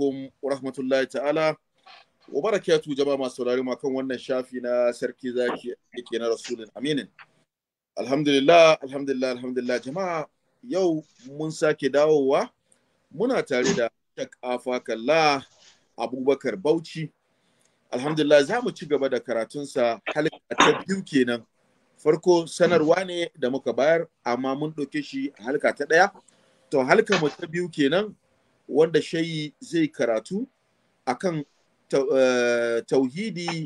alaikum wa rahmatullahi ta'ala wa barakatu jama'a masu saurari ma kan wannan shafi na sarki zaki yake na rasulun aminin alhamdulillah alhamdulillah alhamdulillah jama'a yau mun sake dawowa muna tare da shakafa kalla abubakar bauchi alhamdulillah za mu ci gaba da karatunsa a ta biyu kenan farko sanarwa ne da muka bayar amma mun ɗauke shi halka ta ɗaya to halka mu ta biyu kenan wanda shayi zai karatu akan eh, tauhidi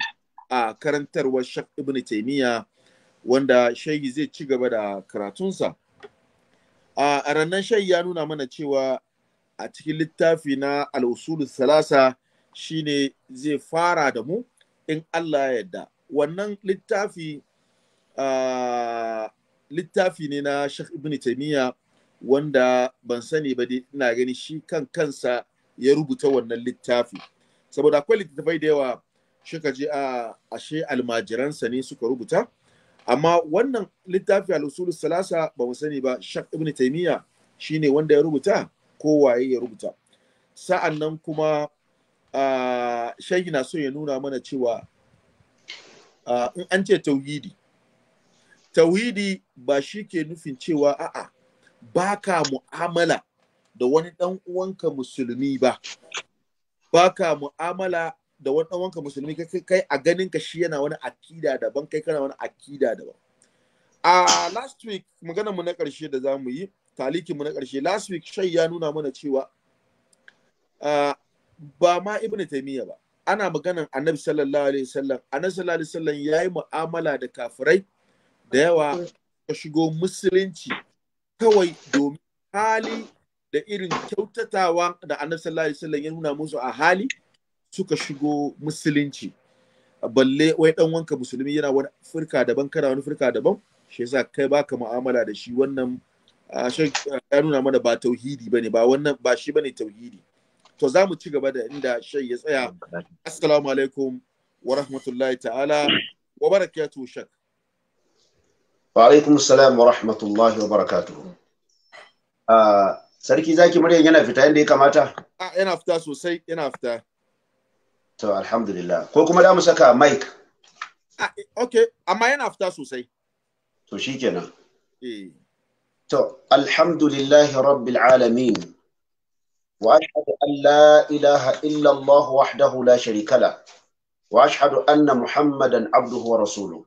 a karantarwar shak ibn taimiyya wanda shayi zai ci gaba da karatunsa a rannan shayi ya nuna mana cewa a cikin littafi na al'usulun salasa shine zai fara da mu in allah ya yadda wannan littafi littafi ne na shak ibn taimiyya wanda ban sani ba dai ina gani shi kan kansa ya rubuta wannan littafi saboda akwai littattafai da yawa suka je a ashe almajiransa ne suka rubuta amma wannan littafi al salasa ba mu sani ba shak ibn shi shine wanda ya rubuta ko waye ya rubuta sa'an nan kuma shayi na so ya nuna mana cewa in an ce tauhidi tauhidi ba shi ke nufin cewa a'a ba ka mu'amala da wani ɗan uwanka musulmi ba ba ka mu'amala da wani ɗan uwanka musulmi kai a ganin ka shi yana wani akida daban kai kana wani akida daban a last week magana mu na ƙarshe da zamu yi talikin mu na ƙarshe last week shai ya nuna mana cewa ba ma ibn taymiya ba ana maganan annabi sallallahu alaihi wasallam annabi sallallahu alaihi wasallam yayi mu'amala da kafirai da yawa ka shigo musulunci kawai domin hali da irin kyautatawa da annabi sallallahu alaihi wasallam ya nuna musu a hali suka shigo musulunci balle wai dan wanka musulmi yana wani furka daban kana wani furka daban shi yasa kai baka mu'amala da shi wannan ya nuna mana ba tauhidi bane ba wannan ba shi bane tauhidi to za mu ci gaba da inda shai ya tsaya assalamu alaikum wa rahmatullahi ta'ala wa barakatuhu shak wa alaikum salam wa rahmatullahi wa barakatuhu ah, sarki zaki muryan yana fita yadda ya kamata ah, yana fita sosai yana fita to alhamdulillah ko kuma da mu saka mic ah, okay amma yana fita sosai to shi kenan. Eh. to alhamdulillahi rabbil alamin wa ashhadu an la ilaha illa allah wahdahu la sharika la wa ashhadu anna muhammadan abduhu rasuluhu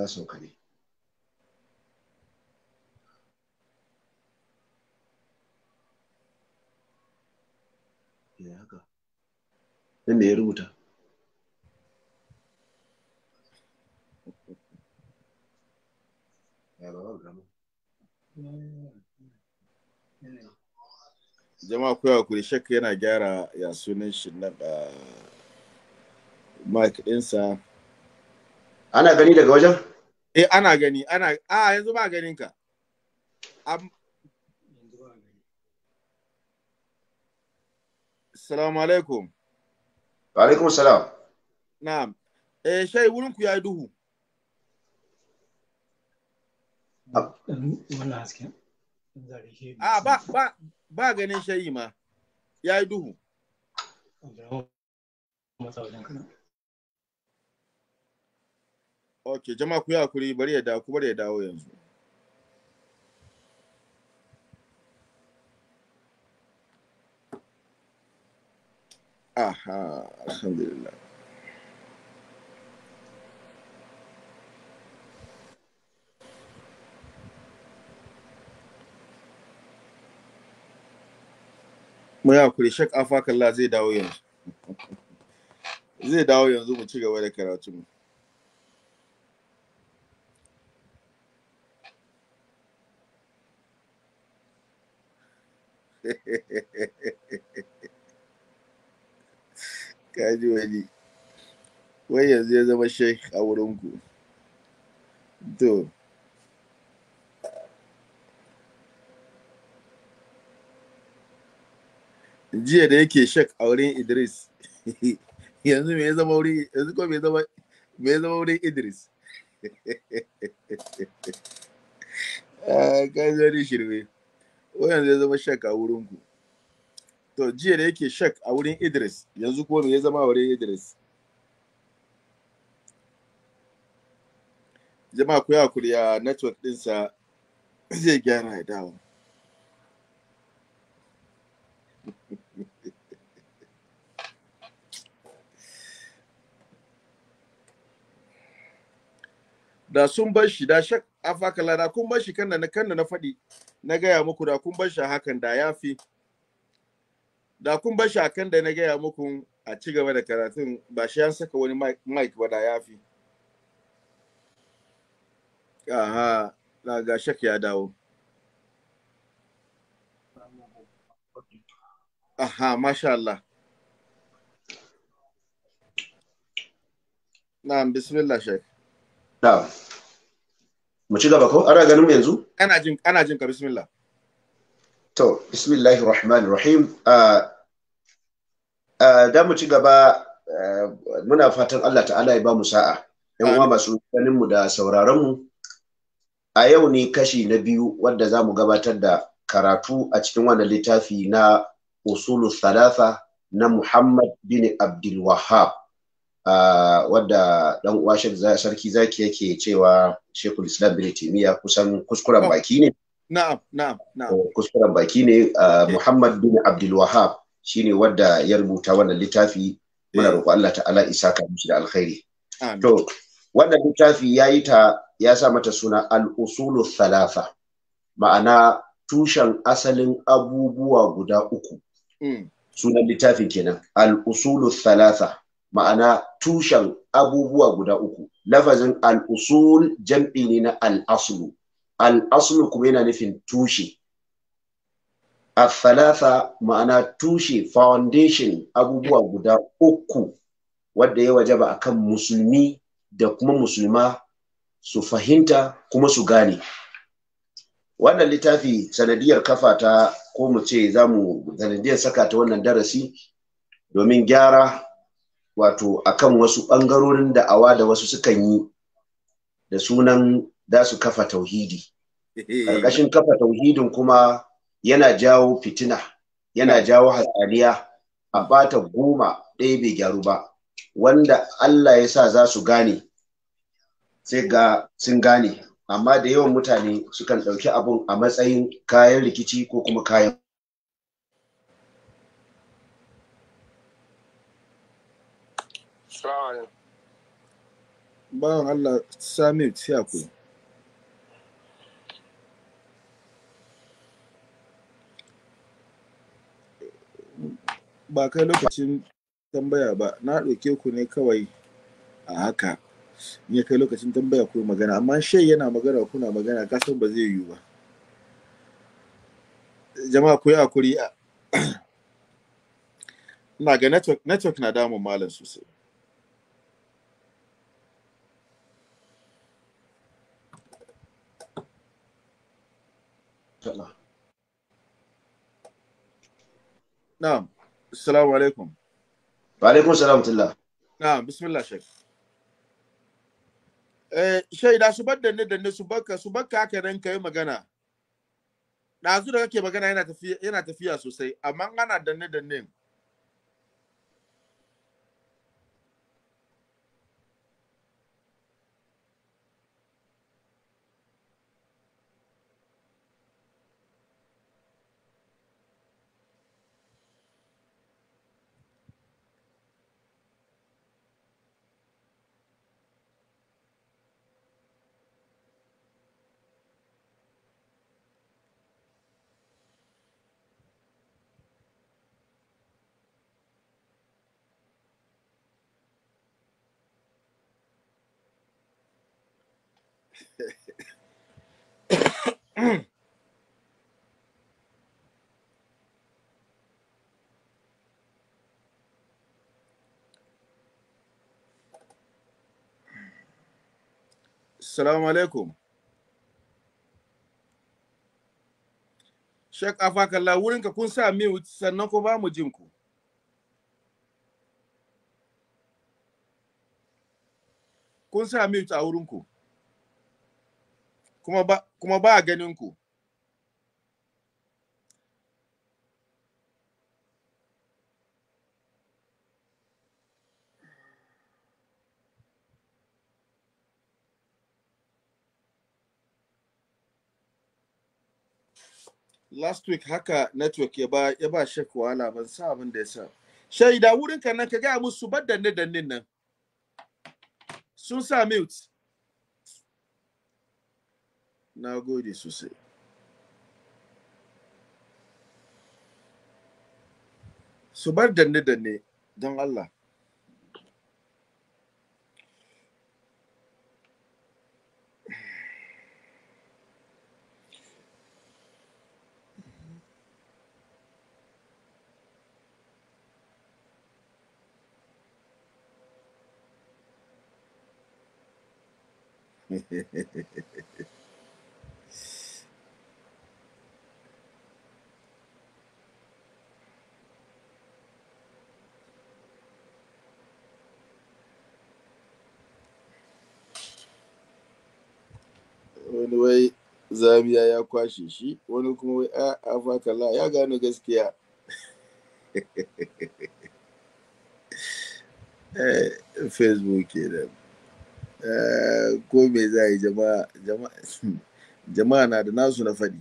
ta sauka ne haka nan me ya rubuta jama'a kuwa kuri shakka yana gyara ya sunan shi na ah, mike ɗinsa ana gani daga wajen Eh ana gani ana a yanzu ba ganin ka. Assalamu alaikum. Wa alaikum salam. Na'am. Eh shai wurin ku yayi duhu. Wannan A ah, ba ba ba ganin shayi ma. Yayi duhu. ok jama'a ku yi hakuri bari ya dawo bari ya dawo yanzu aha alhamdulillah mu ya kuri shek afakalla zai dawo yanzu zai dawo yanzu mu ci gaba da karatu mu kaji wani wai yanzu ya zama shek a wurinku to jiya da yake shek a wurin idris yanzu me ya zama wurin yanzu ko me ya zama wurin idris ah, kaji wani shirme wayan ya zama shak a wurin ku to jiya da yake shak a wurin Idris yanzu kuma me ya zama wurin Idris jama'a ku ya kuriya network dinsa zai gyara ya dawo da sun bar shi da shak da kun bar shi kan na faɗi na gaya muku da kun bar shi hakan da ya fi da kun bar shi hakan da na gaya muku a ci gaba da karatun ba shi an saka wani mic ba da ya fi aha na ga shak ya dawo aha masha Allah na'am bismillah shek na'am mu ci gaba ko ana ganin mu yanzu ana jin ana jin ka bismillah to bismillahir rahmanir rahim ah, ah, da mu ci gaba eh, muna fatan Allah ta'ala ya ba mu sa'a yan uwa masu ganin mu da sauraron mu a yau ne kashi na biyu wanda za mu gabatar da karatu a cikin wannan littafi na usulu thalatha na Muhammad bin Abdul Wahhab wadda dan uwa sarki zaki yake cewa shekul islam bin timiya kusan kuskuren oh. baki ne na'am na'am na'am oh, kuskuren baki ne muhammad bin Abdulwahab. wahab shine wadda ya rubuta wannan littafi muna roƙo Allah ta'ala isa ka mishi da alkhairi to wannan littafi ya yi ta ya sa mata suna al-usulu ma'ana tushen asalin abubuwa guda uku mm. sunan littafin kenan al-usulu thalatha ma'ana tushen abubuwa guda uku lafazin al jam'i ne na al-aslu al-aslu kuma yana nufin tushe al-thalatha ma'ana tushe foundation abubuwa guda uku wadda ya wajaba akan musulmi da kuma musulma su fahimta kuma su gane wannan littafi sanadiyar kafa ta ko mu ce zamu sanadiyar saka ta wannan darasi domin gyara wato akan wasu ɓangarorin da'awa da wasu sukan yi da sunan za su kafa tauhidi ƙarƙashin kafa tauhidin kuma yana jawo fitina yana jawo hatsariya a bata goma ɗaya bai gyaru ba wanda Allah ya sa za su gane sai ga sun gane amma da yawan mutane sukan ɗauki abun a matsayin kayan rikici ko kuma kayan Bawan Allah Samir siya ku. Ba kai lokacin tambaya ba, na ɗauke ku ne kawai a haka. In ya kai lokacin tambaya ku magana, amma shai yana magana kuna magana kasan ba zai yiwu ba. Jama'a ku yi akuri a. na ga network na damun malam sosai. Allah. Na'am. Assalamu alaikum. Wa alaikum salam tullah. Na'am, bismillah shek. Eh, shaida su bar danne danne su barka su barka haka nan yi magana. Dazu da kake magana yana tafiya yana tafiya sosai, amma ana danne danne. Salamu alaikum. Shek Afakalla wurinka kun sa mute sannan ko ba mu jin ku. Kun sa mute a wurinku. Kuma ba, kuma ba ganin ku. last week haka network ya ba ya ba shek wahala ban sa abin da ya sa shaida wurin kan nan ka ga musu bar danne dannin nan sun sa mute na gode sosai su bar danne danne don Allah wani wai zamiya ya kwashe shi wani kuma wai ah, a ya gano gaskiya eh, facebook kenan Eh, ko me za yi jama'a jama'a na da nasu na faɗi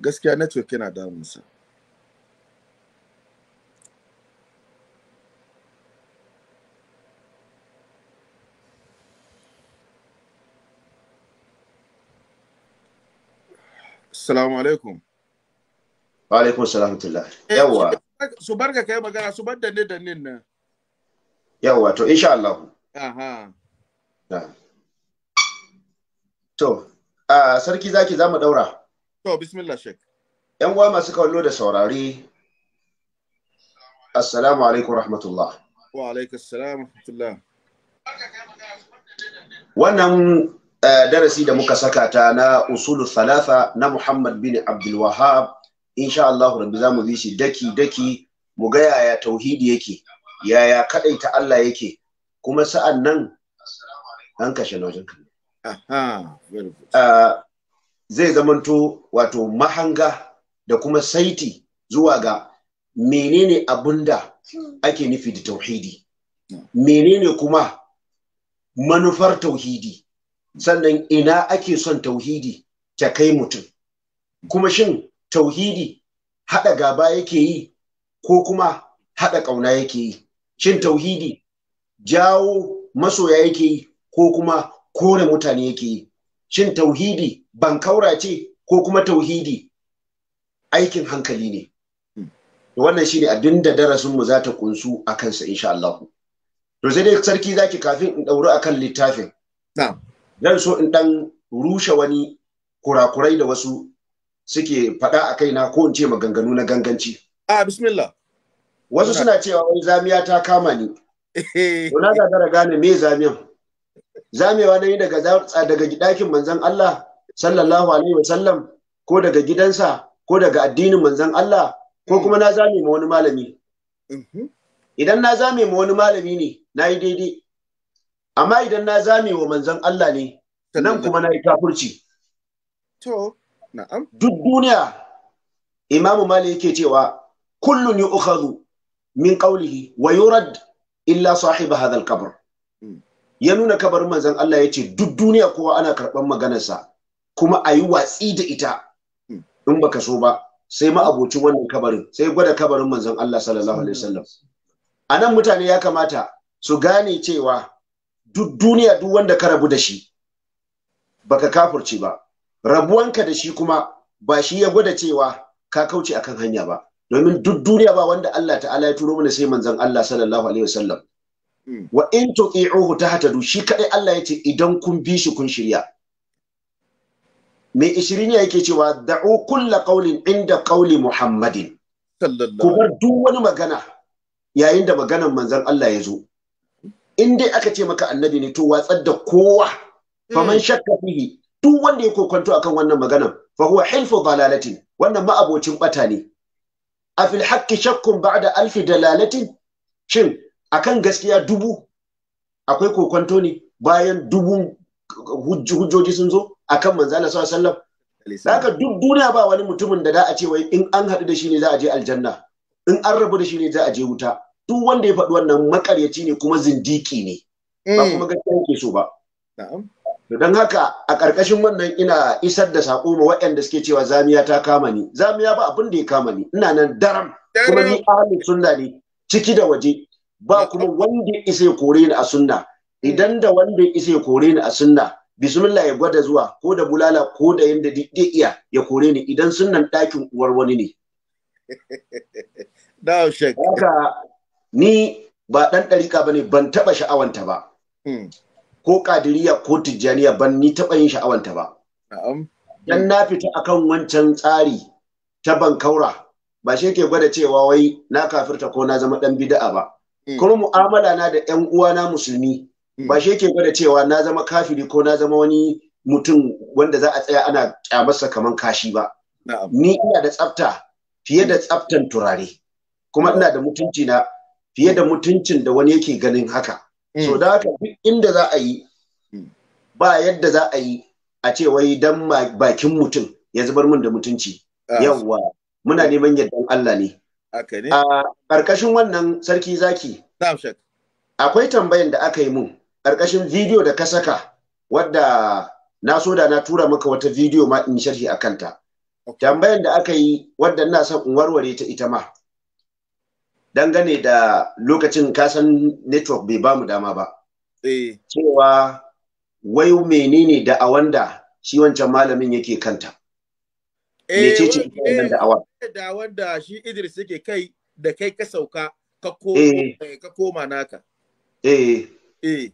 gaskiya network yana damunsa Assalamu alaikum. wa alaikum eh, yawa su barka kai magana su bar danne nan yawa to insha Allah aha to a sarki zaki zamu daura to bismillah shek yan uwa masu kallo da saurari assalamu alaikum rahmatullah wa alaikum rahmatullah wannan eh, darasi da muka saka ta na usulu thalatha na Muhammad bin Abdul Wahab insha Allah rabbi za mu bi shi daki daki mu ga yaya tauhidi yake yaya ta Allah yake kuma sa'an nan an kashe nojin ah, zai zamanto wato mahanga da kuma saiti zuwa ga menene abunda ake nufi da tauhidi menene kuma manufar tauhidi sannan ina ake son tauhidi ta kai mutum kuma shin tauhidi haɗa gaba yake yi ko kuma haɗa ƙauna yake yi shin tauhidi jawo masoya yake yi ko kuma kore mutane yake yi shin tauhidi bankaura ce ko kuma tauhidi aikin hankali ne wannan shine abin da darasin mu za ta kunsu a kansa insha Allah to sai dai sarki zaki kafin in dauri akan littafin zan so in ɗan rushe wani kurakurai da wasu suke faɗa a kaina ko in ce maganganu na ganganci. A bismillah. Wasu suna cewa wani zamiya ta kama ni. Kuna gagara gane me zamiyan. Zamewa na yi daga daga manzan manzon Allah sallallahu alaihi wa sallam ko daga gidansa ko daga addinin manzan Allah ko mm. kuma na zame ma wani malami. Mm-hmm. Idan na zame ma wani malami ne na yi daidai. Amma idan na zame wa manzan Allah ne nan kuma na yi kafurci. duk duniya imamu malik yake cewa kullun ukazu min qawlihi wa yurad illa sahib hadha al-qabr hmm. ya nuna kabarin manzan Allah yace duk duniya kowa ana karban maganarsa kuma ayi watsi da ita hmm. in baka so ba sai ma wannan kabarin sai gwada kabarin manzon Allah sallallahu alaihi wasallam anan mutane ya kamata su gane cewa duk duniya duk wanda ka rabu da shi baka kafurci ba rabuwanka da shi kuma ba shi ya gwada cewa ka kauce akan hanya ba domin duk duniya ba wanda Allah ta'ala ya turo mana sai manzon Allah sallallahu alaihi wasallam hmm. wa in hata tahtadu shi kadai Allah yace idan kun bi shi kun shirya me ishirin yake cewa da'u kulla qaulin inda qauli Muhammadin ku bar duk wani magana yayin da maganan manzon Allah ya zo in dai aka ce maka annabi ne to watsar da kowa hmm. faman shakka fihi duk wanda ya kokonto akan wannan maganan fa huwa hilfu lalatin, wannan ma'abocin bata ne a fil haqqi shakkun ba'da alfi dalalatin shin akan gaskiya dubu akwai kokonto ne bayan dubu hujjoji sun zo akan manzo Allah sallallahu alaihi wasallam haka duk duniya ba wani mutumin da za a ce wai in an haɗu da shi ne za a je aljanna in an rabu da shi ne za a je wuta duk wanda ya faɗi wannan makaryaci ne kuma zindiki ne ba mm. kuma gaskiya yake so ba na'am don haka a ƙarƙashin wannan ina isar da saƙo ma waɗanda suke cewa zamiya ta kama ni zamiya ba abin da ya kama ni ina nan daram kuma ni ahli sunna ne ciki da waje ba kuma wanda ya isa ya kore ni a sunna idan da wanda ya isa ya kore ni a sunna bismillah ya gwada zuwa ko da bulala ko da yanda duk iya ya kore ni idan sunnan ɗakin uwar wani ne Haka ni ba ɗan ɗarika bane ban taɓa sha'awanta ba. Hmm. ko kadiriya ko tijjaniya ban ni taɓa yin sha'awanta ba dan na fita akan wancan tsari ta bankaura ba shi ke gwada cewa wai na kafirta ko na zama dan bida'a ba mm. kuma mu'amala na da yan uwana musulmi mm. ba shi ke gwada cewa na zama kafiri ko na zama wani mutum wanda za a tsaya ana kyamarsa kamar kashi ba ni ina da tsafta fiye da tsaftan turare kuma mm. ina da mutuncina fiye da mutuncin da wani yake ganin haka so mm. da haka duk inda za a yi mm. ba yadda za a yi a ce wai dan bakin mutum ya zubar mun da mutunci ah. yawwa muna neman yardan Allah ne a ƙarƙashin wannan sarki zaki akwai tambayan da aka yi mun ƙarƙashin bidiyo da ka saka wadda na so da na tura maka wata bidiyo ma in sharhi a kanta tambayan da aka yi wadda ina son in warware ta ita ma dangane da lokacin kasan network bai ba mu dama ba eh. cewa wai menene da a wanda shi wancan malamin yake kanta eh, mecece wannan eh, da'awa da wanda shi Idris yake kai da kai ka sauka ka koma naka eh eh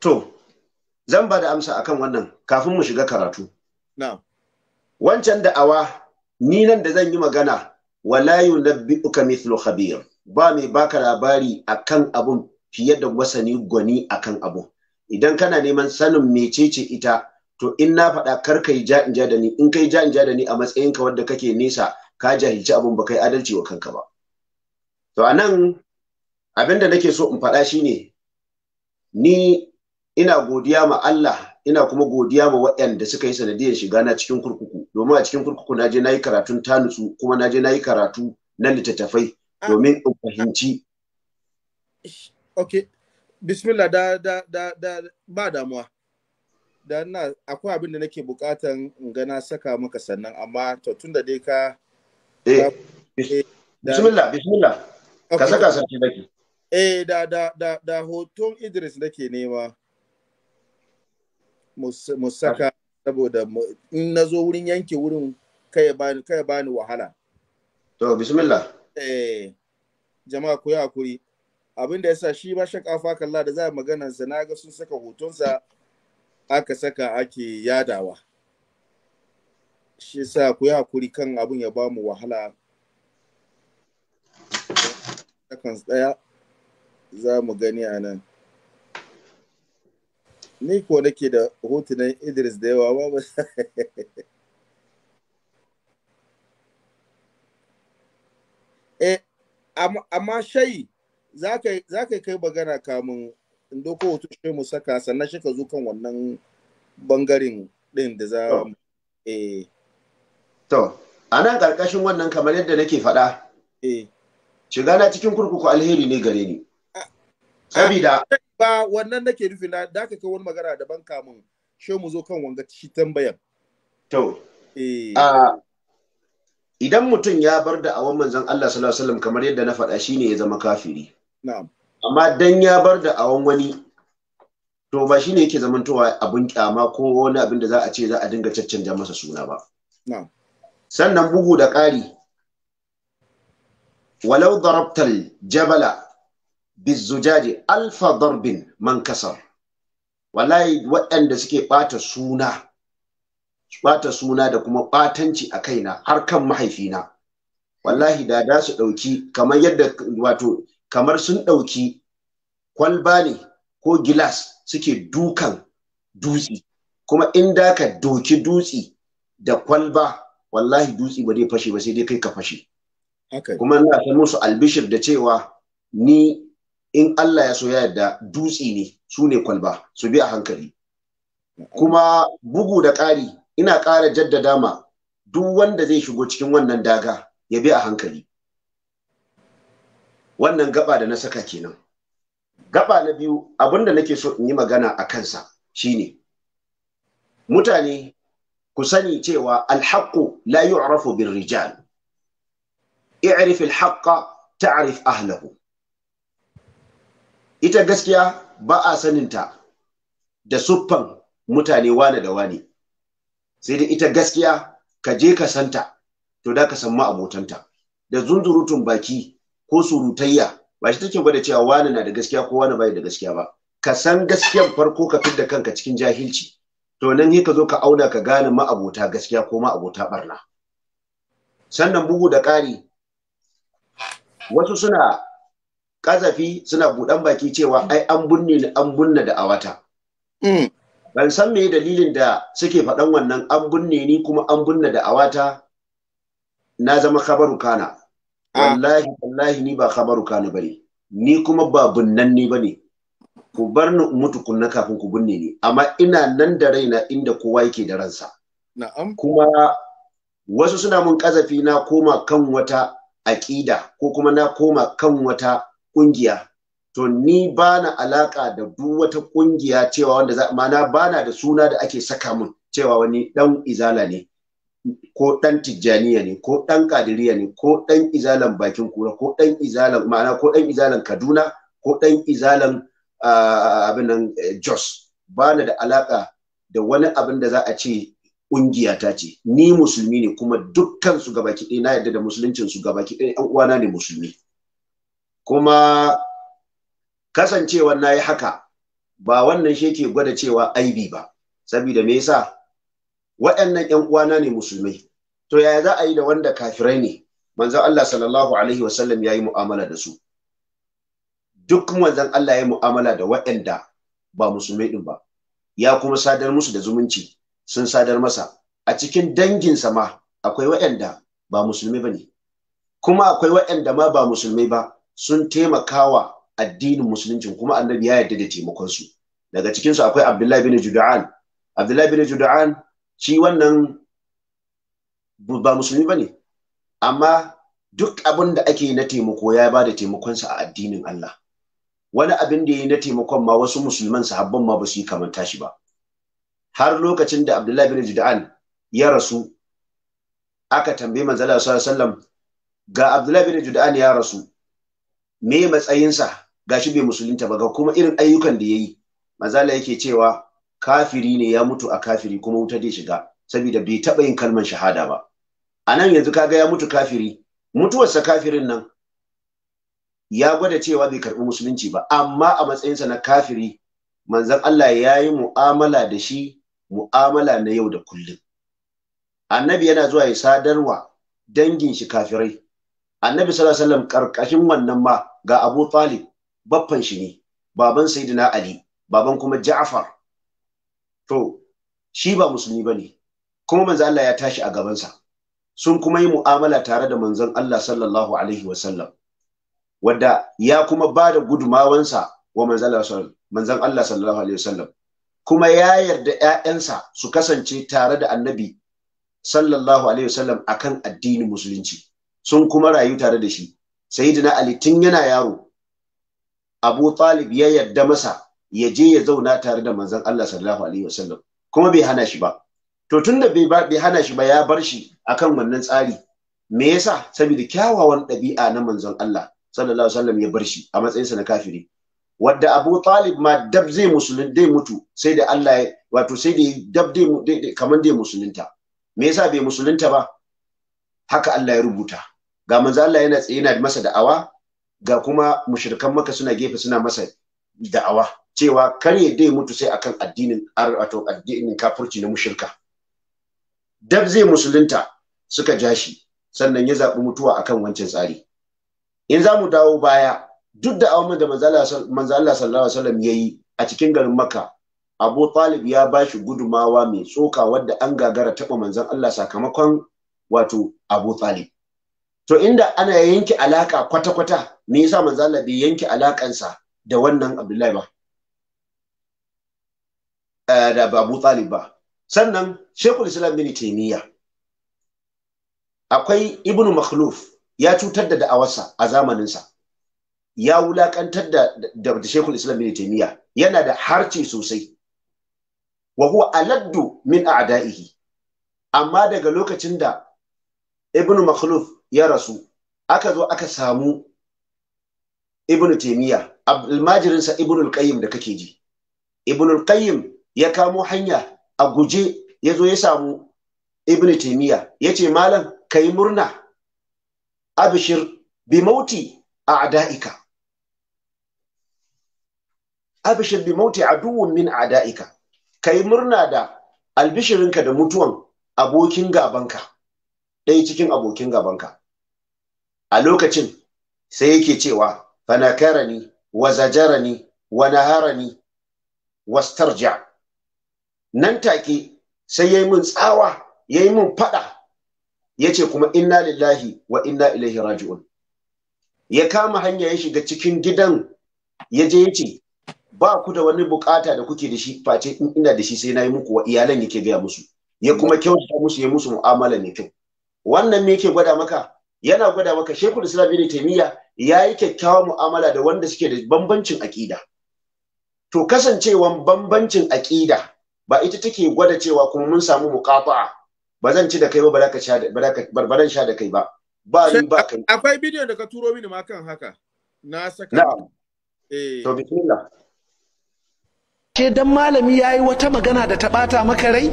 to zan ba da amsa akan wannan kafin mu shiga karatu Na. wancan da'awa ni nan da zan yi magana wala uka mithlu khabir ba mai baka labari akan abun fiye da masani gwani akan abu. idan kana neman sanin mecece ita to in na faɗa kar kai ja in ja da ni in kai ja in ja da ni a matsayinka wanda kake nesa ka jahilci abun ba kai adalci wa kanka ba to anan abin da nake so in faɗa shine ni ina godiya ma Allah ina kuma godiya ma waɗanda suka yi sanadiyar shiga na cikin kurkuku domin a cikin kurkuku na je na yi karatun tanusu kuma na je na yi karatu na littattafai ah. domin in fahimci ok bismillah da da da da ba damuwa da na akwai abin da nake bukatan in ga na saka maka sannan amma to tun da dai ka eh, eh bismillah bismillah ka saka sarki eh da da da da hoton Idris nake nema mu saboda in na zo wurin yanke wurin kai bani wahala to bismillah eh jama'a ku yi hakuri abin da yasa shi ba shakka fakalla da za maganar sa ga sun saka hotonsa aka saka ake yadawa shi sa ku yi hakuri kan abin ya ba mu wahala Sakan tsaya za mu gani a nan ni ko nake da hotunan Idris da yawa ba eh amma shayi za ka kai magana kamun in doko hoto shi mu saka sannan shi ka zo kan wannan bangaren din da za mu eh to ana karkashin wannan kamar yadda nake faɗa eh shiga na cikin kurkuku alheri ne gare ni sabida ba wannan nake nufi na da ka kai wani magana daban kamun shi mu zo kan wanga shi tambayan to eh. idan mutum ya bar da awon manzon Allah sallallahu alaihi wasallam kamar yadda na faɗa shine ya zama kafiri na'am amma dan ya bar da awon wani to ba shine yake zamantowa abin kyama ko wani abin da za a ce za a dinga caccanja masa suna ba na'am sannan bugu da ƙari walau darabtal jabala bizujaji alfa darbin man kasar wallahi waɗanda suke ɓata suna ɓata suna da kuma ɓatanci a kaina har kan mahaifina wallahi da da su ɗauki kamar yadda wato kamar sun ɗauki kwalba ne ko gilas suke dukan dutsi, kuma in da ka doki dutsi da kwalba wallahi dutsi ba zai fashe ba sai dai kai ka fashe kuma ina ta musu albishir da cewa ni in Allah ya so ya yarda dutsi ne su ne kwalba su bi a hankali kuma bugu da ƙari ina ƙara jaddada ma duk wanda zai shigo cikin wannan daga ya bi a hankali wannan gaba da na saka kenan gaba na biyu abinda nake so in yi magana a kansa shine mutane ku sani cewa alhaqqu la yu'rafu bin rijal i'rif alhaqqa ta'rif ahlahu ita gaskiya ba a saninta da suffan mutane wane da wane sai dai ita gaskiya ka je ka santa to da ka samu abotanta da zunzurutun baki ko surutayya ba shi take gwada cewa wane na da gaskiya ko wane bai da gaskiya ba ka san gaskiyan farko ka fidda kanka cikin jahilci to nan ka zo ka auna ka gane ma'abota gaskiya ko ma'abota barna sannan bugu da ƙari wasu suna kazafi suna buɗan baki cewa ai an binne ni an binne da awata mm. ban san me dalilin da suke faɗan wannan an binne ni kuma an binne da awata na zama khabaru kana ah. wallahi wallahi ni ba khabaru kana bane ni kuma ba bunnan ni bane ku bar ni mutu kunna kafin ku binne ni amma ina nan da raina inda kowa yake da ransa na'am kuma wasu suna mun kazafi na koma kan wata aƙida ko kuma na koma kan wata kungiya to ni ba na alaka da duk wata kungiya cewa wanda za mana na da suna da ake saka mun cewa wani dan izala ne ko dan tijjaniya ne ko dan kadiriya ne ko dan izalan bakin kura ko dan izalan ma'ana ko dan izalan kaduna ko dan izalan abin nan eh, jos ba na da alaka da wani abin da za a ce kungiya ta ce ni musulmi ne kuma dukkan su gabaki ɗaya na yarda da musuluncin su gabaki ɗaya yan uwana ne musulmi kuma kasancewa na yi haka ba wannan shi ke gwada cewa aibi ba saboda me yasa waɗannan ƴan uwana ne musulmai to yaya za a yi da wanda kafirai ne manzon Allah sallallahu alaihi wasallam ya yi mu'amala da su duk manzon Allah ya mu'amala da waɗanda ba musulmai din ba ya kuma sadar musu da zumunci sun sadar masa a cikin dangin sa ma akwai waɗanda ba musulmai ba kuma akwai waɗanda ma ba musulmai ba sun taimakawa addinin musulunci kuma annabi ya yarda da taimakon su daga cikinsu akwai Abdullahi bin Juda'an Abdullahi bin Juda'an shi wannan ba musulmi bane amma duk abin da ake na taimako ya ba da taimakonsa a addinin Allah wani abin da ya yi na taimakon ma wasu musulman sahabban ma ba su yi kamar shi ba har lokacin da Abdullahi bin Juda'an ya rasu aka tambayi manzala sallallahu alaihi wasallam ga Abdullahi bin Juda'an ya rasu me matsayinsa ga shi bai musulunta ba ga kuma irin ayyukan da ya yi mazala yake cewa kafiri ne ya mutu a kafiri kuma wuta zai shiga saboda bai taɓa yin kalmar shahada ba a nan yanzu kaga ya mutu kafiri mutuwarsa kafirin nan ya gwada cewa bai karɓi musulunci ba amma a matsayinsa na kafiri manzan Allah ya yi mu'amala da shi mu'amala na yau da kullum annabi yana zuwa ya sadarwa dangin shi kafirai annabi sallallahu alaihi wasallam karkashin wannan ma ga Abu Talib baffan shi ne baban Sayyidina Ali baban kuma Ja'far to shi ba musulmi bane kuma manzo Allah ya tashi a gabansa sun kuma yi mu'amala tare da manzon Allah sallallahu alaihi wa sallam wadda ya kuma ba da gudumawansa wa manzon Allah sallallahu alaihi wa sallam kuma ya yarda ‘ya'yansa su kasance tare da annabi sallallahu alaihi wa sallam akan addinin musulunci sun kuma rayu tare da shi sayyidina ali tun yana yaro abu talib ya yarda masa ya je ya zauna tare da manzon Allah sallallahu alaihi wasallam kuma bai hana shi ba to tunda bai bai hana shi ba ya bar shi akan wannan tsari me yasa saboda kyawawan ɗabi'a na manzon Allah sallallahu alaihi wasallam ya bar shi a sa na kafiri wadda Abu Talib ma dab zai musulun dai mutu sai da Allah wato sai da dab dai kaman dai musulunta me yasa bai musulunta ba haka Allah ya rubuta ga manzo Allah yana tsaye yana masa da'awa ga kuma mushrikan maka suna gefe suna masa da'awa cewa kar ya dai mutu sai akan addinin wato addinin kafirci na mushirka dab zai musulunta suka jashi, sannan ya zaɓi mutuwa akan wancan tsari in za mu dawo baya duk da awamar da manzo Allah sallallahu alaihi wasallam yayi a cikin garin Makka Abu Talib ya ba shi gudumawa mai tsoka wadda an gagara taɓa manzon Allah sakamakon wato Abu Talib to inda ana yanke alaƙa kwata-kwata me yasa manzo Allah bai yanke sa da wannan Abdullahi ba eh, da Abu Talib ba sannan Shekul Islam bin taimiyya. akwai Ibn Makhluf ya cutar da da'awarsa a zamaninsa ya wulakantar da da, Islam bin yana da harci sosai wa huwa aladdu min a'da'ihi amma daga lokacin da Ibn Makhluf ya rasu aka zo aka samu ibn taimiyya almajirinsa ibn al-qayyim da kake ji ibn al ya kamo hanya a guje ya zo ya samu ibn taimiyya ya ce malam kai murna abishir bi mauti a ada'ika abishir bi mauti aduwwun min ada'ika kai murna da albishirinka da mutuwan abokin gabanka ɗaya cikin abokin gabanka a lokacin sai yake cewa ni wa ni wa wa wastarja nan take sai yayi min tsawa yayi min fada yace kuma inna lillahi wa inna ilaihi raji'un ya kama hanya ya shiga cikin gidan ya je yace ba ku da wani bukata da kuke da shi face in ina da shi sai nayi muku wa iyalan yake gaya musu ya kuma kyautata musu ya musu mu'amala ne kyau wannan me yake gwada maka yana gwada maka shekul islam ibn taymiya yayi kyakkyawan mu'amala da wanda suke da bambancin aƙida to kasancewan bambancin aƙida ba ita take gwada cewa kuma mun samu muqata'a ba zan ci da kai ba ba zaka sha barbaran sha da kai ba ba ni ba kai akwai bidiyon da ka turo mini ma kan haka na saka na'am eh to bismillah ke dan malami yayi wata magana da ta bata maka rai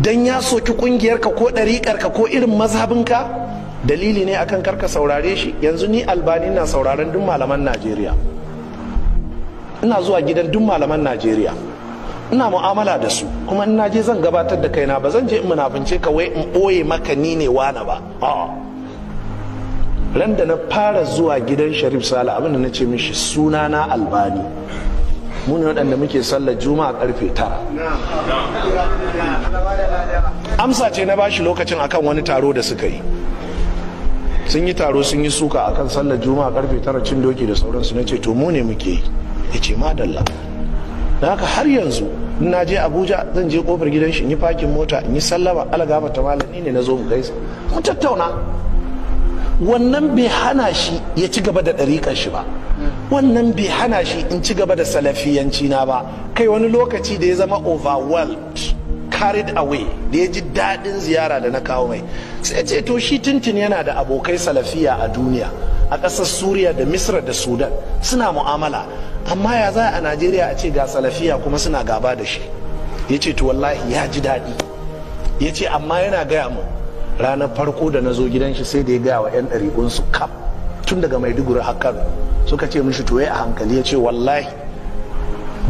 dan ya soki kungiyarka ko ɗariƙarka ko irin mazhabinka dalili ne akan karka saurare shi yanzu ni albani na sauraron duk malaman najeriya ina zuwa gidan duk malaman najeriya ina mu'amala da su kuma ina je zan gabatar da kaina ba zan je in munafince ka wai in ɓoye maka ni ne ba ran da na fara zuwa gidan sharif sala abinda na ce mishi na albani mu ne waɗanda muke sallar juma'a karfe tara amsa ce na bashi lokacin akan wani taro da suka yi sun yi taro sun yi suka a kan sallar juma'a karfe tara cin doki da sauransu na ce to mu ne muke ya ce madalla da haka har yanzu in na je abuja zan je kofar gidan shi in yi fakin mota in yi sallama alagama ta malami ne na zo mu gaisa mu tattauna wannan bai hana shi ya ci gaba da ɗariƙar shi ba wannan bai hana shi in ci gaba da salafiyanci na ba kai wani lokaci da ya zama overwhelmed carried away da ya ji daɗin ziyara da na kawo mai sai ce to shi tintin yana da abokai salafiya a duniya a ƙasar suriya da misra da sudan suna mu'amala amma ya za a najeriya a ce ga salafiya kuma suna gaba da shi ya ce to wallahi ya ji daɗi ya ce amma yana gaya mu ranar farko da na zo gidan shi sai da ya gaya wa 'yan ɗariƙunsu kaf tun daga maiduguri har kano suka ce mishi to ya a hankali ya ce wallahi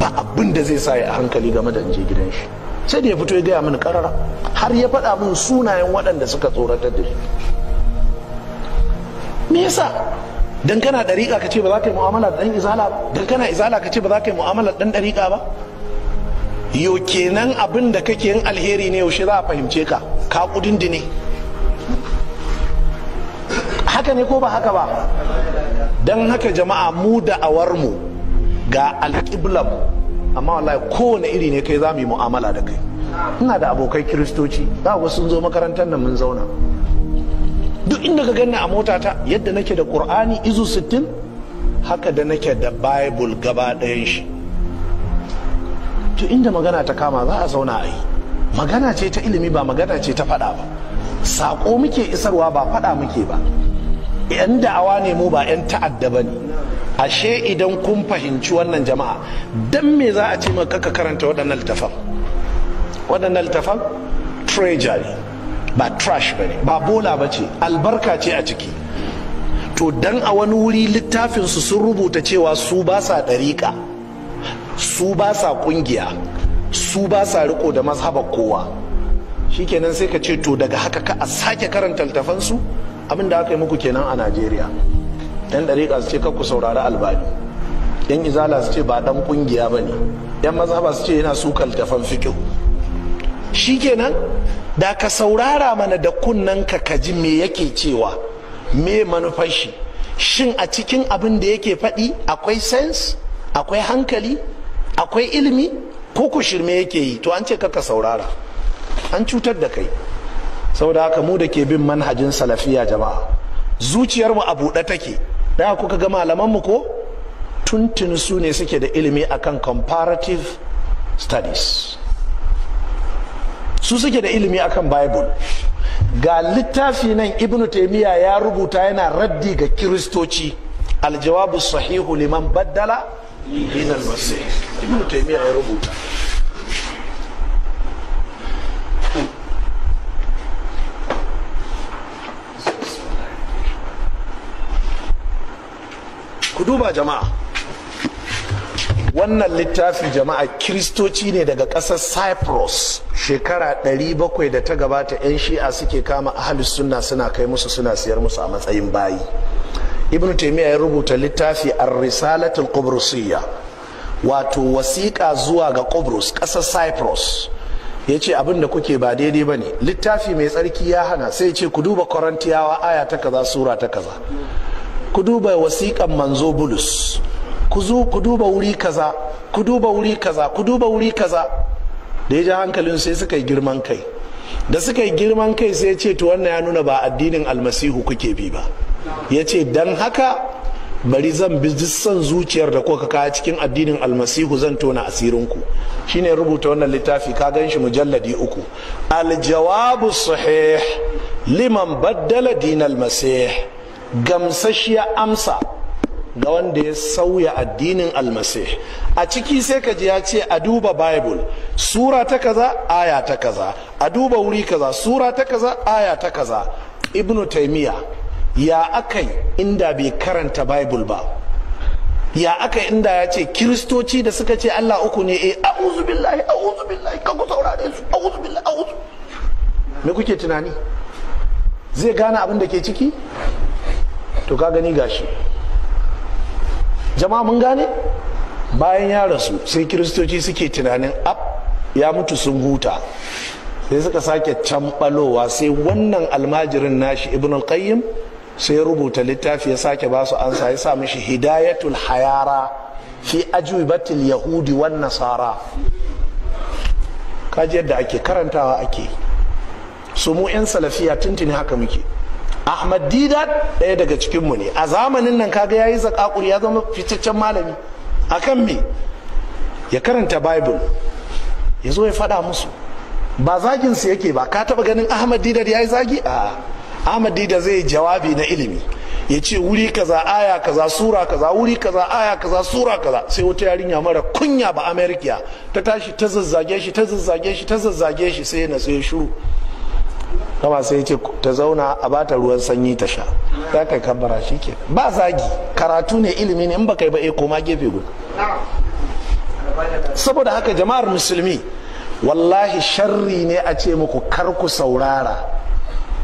ba abin da zai sa ya a hankali game da in je gidan shi sai da ya fito ya gaya mini karara har ya faɗa min sunayen waɗanda suka tsoratar da shi me yasa dan kana dariƙa ka ce ba za ka yi mu'amala da dan izala ba dan kana izala ka ce ba za ka yi mu'amala dan dariƙa ba yo kenan abin da kake yin alheri ne yaushe za a fahimce ka ka kudindine haka ne ko ba haka ba dan haka jama'a mu da mu ga alƙiblamu amma wallahi kowane iri ne kai za mu yi mu'amala da kai ina da abokai kiristoci za wasu sun zo makarantar nan mun zauna duk inda ka ganni a mota ta yadda nake da qur'ani izu 60 haka da nake da bible gaba ɗayan shi to inda magana ta kama za a zauna a yi magana ce ta ilimi ba magana ce ta faɗa ba sako muke isarwa ba faɗa muke ba 'yan da'awa ne mu ba 'yan ta'adda ba ne ashe idan kun fahimci wannan jama'a dan me za a ce ma ka karanta waɗannan littafan waɗannan littafan treasury ba trash ba ne ba bola ba ce albarka ce a ciki to dan a wani wuri littafinsu sun rubuta cewa su ba sa ɗariƙa su ba sa ƙungiya su ba sa riko da mazhabar kowa shikenan sai ka ce to daga haka ka a sake karanta littafansu abin da aka yi muku kenan a najeriya yan dariƙa su ce ku saurari albani yan izala su ce ba dan kungiya ba ne yan mazhaba su ce yana sukar tafan fikihu shikenan da ka saurara mana da kunnen ka kaji me yake cewa me manufashi shin a cikin abin da yake faɗi akwai sense akwai hankali akwai ilimi ko ku shirme yake yi to an ce kaka saurara an cutar da kai saboda haka mu da ke bin manhajin salafiya jama'a zuciyarmu a buɗe take da kuka ga malamanmu ko tuntun su ne suke da ilimi akan comparative studies su suke da ilimi akan bible ga littafi nan ibnu taimiyya ya rubuta yana raddi ga kiristoci aljawabu sahihu liman baddala dinal masih ibnu taimiyya ya rubuta ku duba jama'a wannan littafin jama'a kiristoci ne daga ƙasar cyprus shekara 700 da ta gabata 'yan shi'a suke kama ahalus sunna suna kai musu suna siyar musu a matsayin bayi ibn taimiyya ya rubuta littafi ar-risalatul qubrusiyya wato wasiƙa zuwa ga qubrus ƙasar cyprus ya ce abin kuke ba daidai ba ne littafi mai tsarki ya hana sai ce ku duba korantiyawa aya ta kaza sura ta kaza ku duba wasiƙan manzo bulus ku duba wuri kaza ku duba wuri kaza ku duba wuri kaza da ya ji hankalin sai suka yi girman kai da suka yi girman kai sai ya ce to wannan ya nuna ba addinin almasihu kuke bi ba ya ce don haka bari zan bi son zuciyar da kuka kaya cikin addinin almasihu zan tona asirinku shine rubuta wannan littafi ka gan shi mujalladi uku aljawabu sahih liman baddala dinal masih gamsashiyar amsa ga wanda ya sauya addinin almasih a ciki sai ka ji ya ce a duba bible sura ta kaza aya ta kaza a duba wuri kaza sura ta kaza aya ta kaza ibnu taimiyya ya aka inda bai karanta bible ba ya aka inda ya ce kiristoci da suka ce allah uku ne a eh, a'udhu billahi a'udhu billahi ka ku saurare su a'udhu billahi a'udhu me kuke tunani zai gane abin da ke ciki to ka gani gashi jama'a mun gane bayan ya rasu sai kiristoci suke tunanin ab ya mutu sun huta sai suka sake tambalowa sai wannan almajirin nashi ibn al-qayyim sai ya rubuta littafi ya sake ba su ansa ya sa mishi hidayatul hayara fi ajwibatil yahudi wan nasara kaji yadda ake karantawa ake su mu 'yan salafiya tuntuni haka muke ahmad didat ɗaya daga cikin mu ne a zamanin nan kaga ya yi zakakuri ya zama fitaccen malami akan me ya karanta bible ya zo ya faɗa musu ba zaginsu yake ba ka taɓa ganin ahmad didat ya yi zagi a ahmad didat zai jawabi na ilimi ya ce wuri kaza aya kaza sura kaza wuri kaza aya kaza sura kaza sai wata yarinya mara kunya ba Amerika ta tashi ta zazzage shi ta zazzage shi ta zazzage shi sai na sai shiru. kama sai ya ce ta zauna a bata ruwan sanyi ta sha za ka kambara shi ke ba zagi karatu ne ilimi ne in ba kai ba eh, ko ma gefe guda saboda haka jama'ar musulmi wallahi sharri ne a ce muku kar ku saurara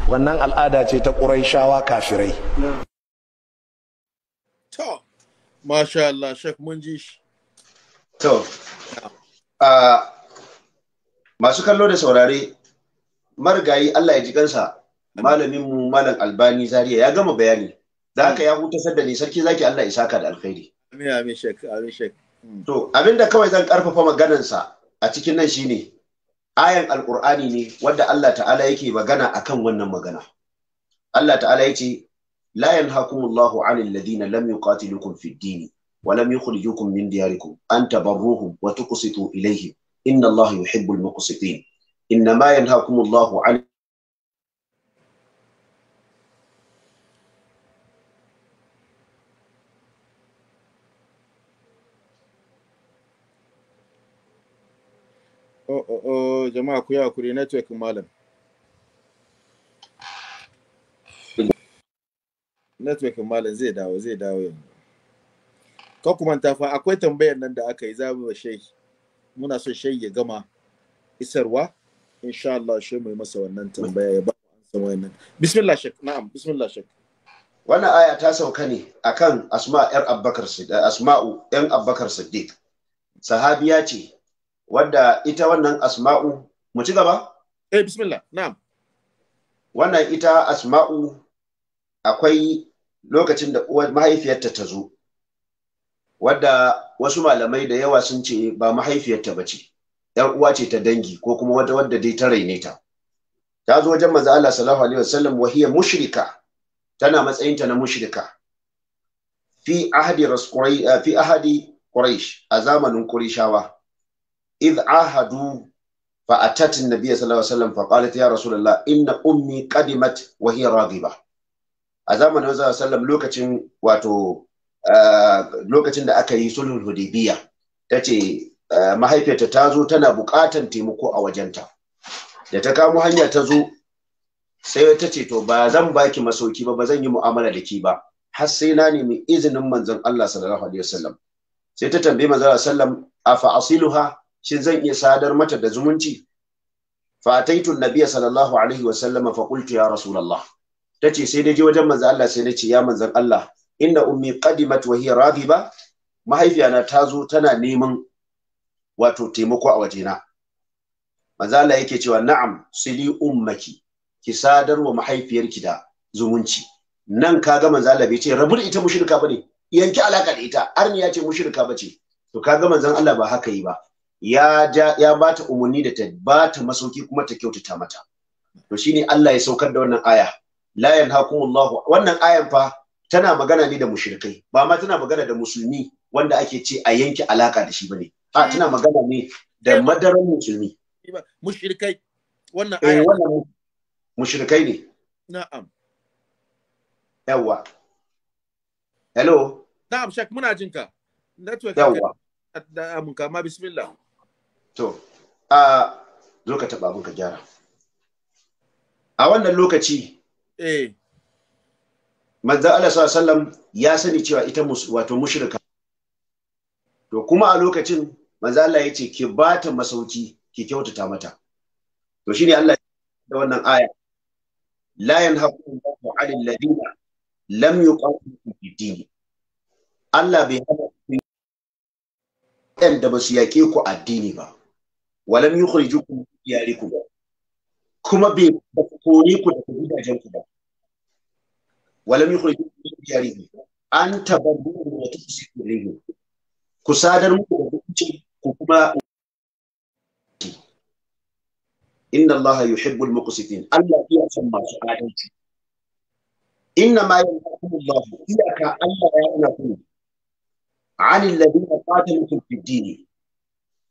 wannan al'ada ce ta shawa kafirai to masu kallo da saurare marigayi Allah ya ji kansa malamin mu malam albani zaria ya gama bayani da haka ya hutasar da ne sarki zaki Allah ya saka da alkhairi amin amin shek amin shek hmm. to abinda kawai zan karfafa sa a cikin nan shine ayan alqur'ani ne wanda Allah ta'ala yake magana akan wannan magana Allah ta'ala yace la yanhakumullahu 'anil ladina lam yuqatilukum fid din wa lam yukhrijukum min diyarikum an tabarruhum wa tuqsitu ilayhim inna Allah yuhibbul muqsitin إنما ينهاكم الله عن Oh, oh, oh, jama'a Ka kuma fa akwai tambayar nan da aka yi zamu wa shehi. Muna so shehi ya gama isarwa insha Allah shi mai masa wannan tambaya ya ba mu wannan bismillah shek na'am bismillah shek wannan aya ta sauka ne akan asma yar abbakar eh, asma'u yan abbakar siddiq sahabiya ce wadda ita wannan asma'u mu ci gaba eh bismillah na'am wannan ita asma'u akwai lokacin da mahaifiyarta ta zo wadda wasu malamai da yawa sun ce ba mahaifiyarta ba ce yar uwa ce ta dangi ko kuma wata wadda dai ta raine ta ta zo wajen manzo Allah sallallahu alaihi wasallam wa hiya mushrika tana matsayin ta na mushrika fi ahadi rasqurai eh, fi ahadi quraish a zamanin qurayshawa id ahadu fa atat an-nabiy sallallahu alaihi wasallam fa qalat ya rasulullah inna ummi qadimat wa hiya radiba a zamanin manzo sallallahu alaihi wasallam lokacin wato eh, lokacin da aka yi sulhul hudaybiyya tace Eh, mahaifiyarta ta zo tana buƙatan taimako a wajenta da ta kamo hanya ta zo sai ta ce to ba zan baki masauki ba ba zan yi mu'amala da ki ba har sai na nemi izinin manzon Allah sallallahu alaihi wasallam sai ta tambaye manzon sallam fa asiluha shin zan iya sadar mata da zumunci fa taitu nabiyya sallallahu alaihi wasallam fa qultu ya rasulullah tace sai dai je wajen manzon Allah sai nace ya manzon Allah inna ummi qadimat wa hiya radiba mahaifiyana ta zo tana neman wato taimako a wajena manzo Allah yake cewa na'am sili ummaki ki sadarwa mahaifiyarki da zumunci nan kaga manzo Allah bai ce rabu ita mushrika bane yanki alaka da ita arni ya ce mushrika bace to kaga manzon Allah ba haka yi ba ya ja ya bata umarni da ta bata masauki kuma ta kyautata mata to shine Allah ya saukar da wannan aya la yanhakumullahu wannan ayan fa tana magana ne da mushrikai ba ma tana magana da musulmi wanda ake ce a yanke alaka da shi bane a tana magana ne da eh, madaran musulmi mushirkai wannan eh, aya wannan mushirkai ne na'am yawa hello na'am shek muna jin ka network yawa da mun kama bismillah to a zo ka taba mun ka gyara a wannan lokaci eh manzo Allah sallallahu alaihi wasallam ya sani cewa ita wato mushrika to kuma a lokacin manzo Allah ya ce ki ba ta masauki ki kyautata mata to shine Allah da wannan aya la yanhaqu Allahu 'anil ladina lam yuqatilukum fid din Allah bai hana ku da basu su yaƙe ku addini ba walam yukhrijukum yariku ba kuma bai kore ku daga gidajen ku ba walam yukhrijukum yariku an tabarru wa tusrifu ku sadar muku da hukunci ko kuma inna allaha yuhibbul muqsitin Allah iya son masu adalci inna ma yanhakum Allah iyaka Allah ya hana ku anil ladina qatalukum fid din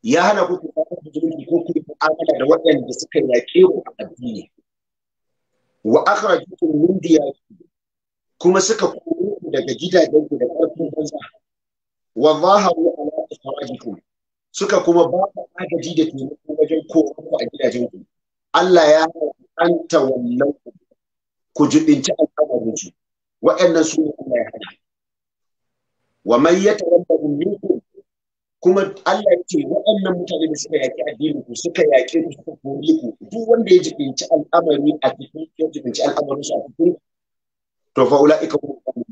ya hana ku ku zulmi ko ku mu'amala da waɗanda suka yaƙe ku a addini wa akhrajukum min diyarikum kuma suka kore ku daga gidajen ku da ƙarfin banza wa zaharu ala ikhrajikum suka kuma ba ka agaji da taimako wajen ku a gidajen ku Allah ya anta wannan ku ku jibinci al'amarin su waɗannan su ne Allah ya hana wa man yatawaddu minkum kuma Allah ya ce waɗannan mutane da suka yaƙi addinin ku suka yaƙi ku suka kori ku duk wanda ya jibinci al'amari a cikin ya jibinci alƙawarin su a cikin to fa ulaika hum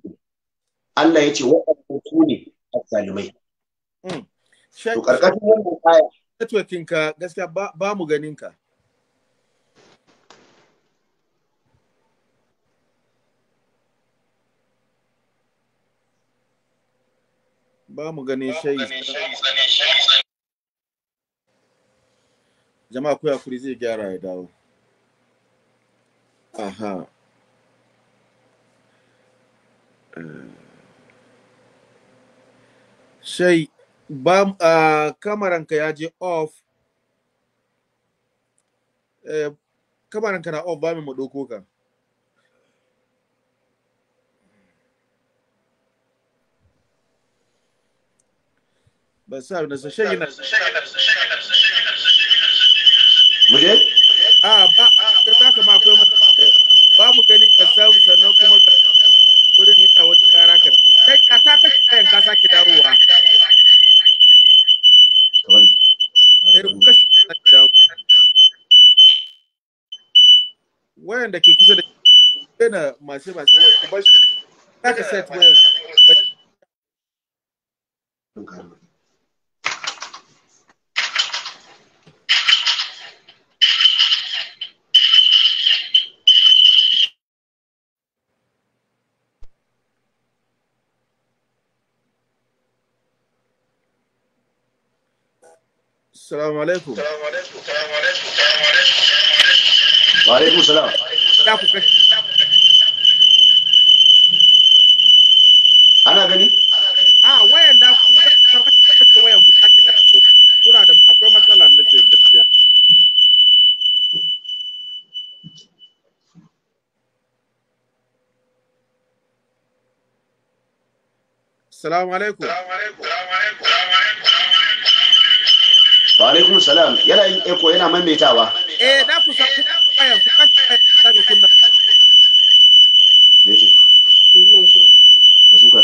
Allah ya ce waɗannan su ne azzalimai hmm. Networking ka gaskiya ba mu ganin ka. Ba mu shayi. Jama'a kuya kuri zai gyara ya dawo. Aha. Eh. ba uh, ah, kamaranka ya je off eh, kamaranka na off ba mu ɗauko ka ba sa da sa shayi na muje a ba ka taka ma akwai mata eh, ba mu gani ka samu sannan kuma wurin yana wani kara ka kai ka ta kashe kayan ka sake dawowa bari wayan da ke kusa da yana masu masu wayan ku ka set wayan Salamu alaikum. Wa alaikum salam. Ana gani? A wayan da ku kashe wayan ku take ku. Kuna da akwai matsala na ce gaskiya. alaikum. wa alaikum salam yana yin eko yana maimaitawa eh na ku ku ka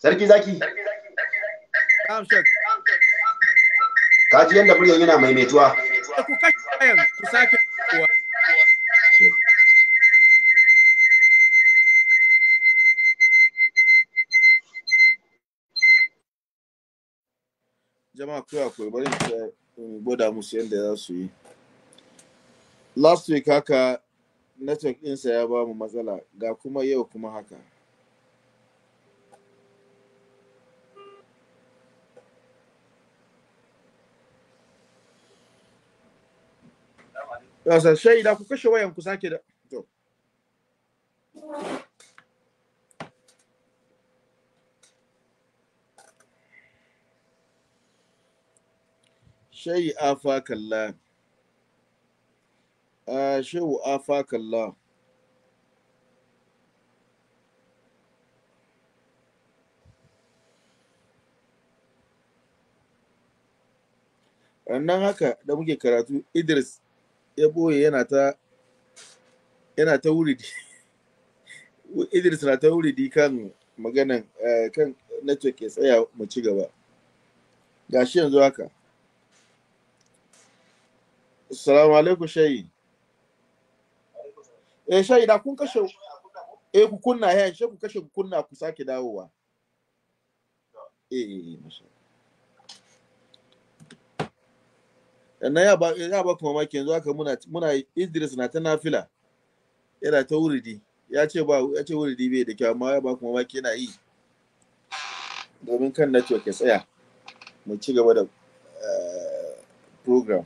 sarki zaki na'am ka ji yanda muryan yana maimaituwa eh, ku ku sake kuma akwai akwai bari in gwada musu yadda za su yi last week haka network ɗinsa ya ba mu matsala ga kuma yau kuma haka Yasa shaida ku kashe wayan ku sake da shayi kalla. a shehu kalla. nan haka da muke karatu idris ya boye yana ta yana ta wuridi idris na ta wuridi kan maganan eh, kan network ya tsaya mu ci gaba shi yanzu haka Assalamu alaikum shayi. Eh shayi da kun kashe eh ku kunna ya eh, shi ku kashe ku kunna ku sake dawowa. Eh eh, eh masha. Na ya ba ya ba kuma maki yanzu haka muna muna Idris na ta nafila. Yana ta wuridi. Ya ce ba ya ce wuridi bai da kyau amma ya ba kuma maki yana yi. Domin kan network ya tsaya. Mu ci gaba da eh, program.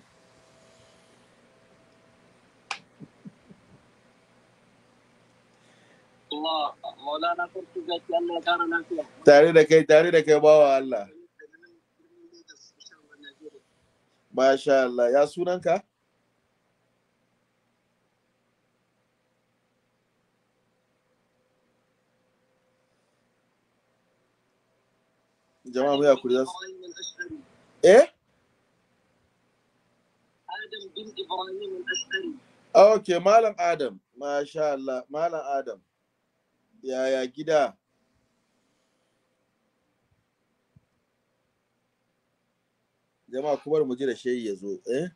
maulana sarki zaki Allah ya kara lafiya tare da kai tare da kai bawa Allah Masha Allah ya sunanka jama'a mu ya kuri zasu eh Adam bin Ibrahim al-Ashari. Okay, Malam Adam, Masha Allah, Malam Adam. Yaya gida? Jama'a kuma mu ji da shehi ya zo, eh?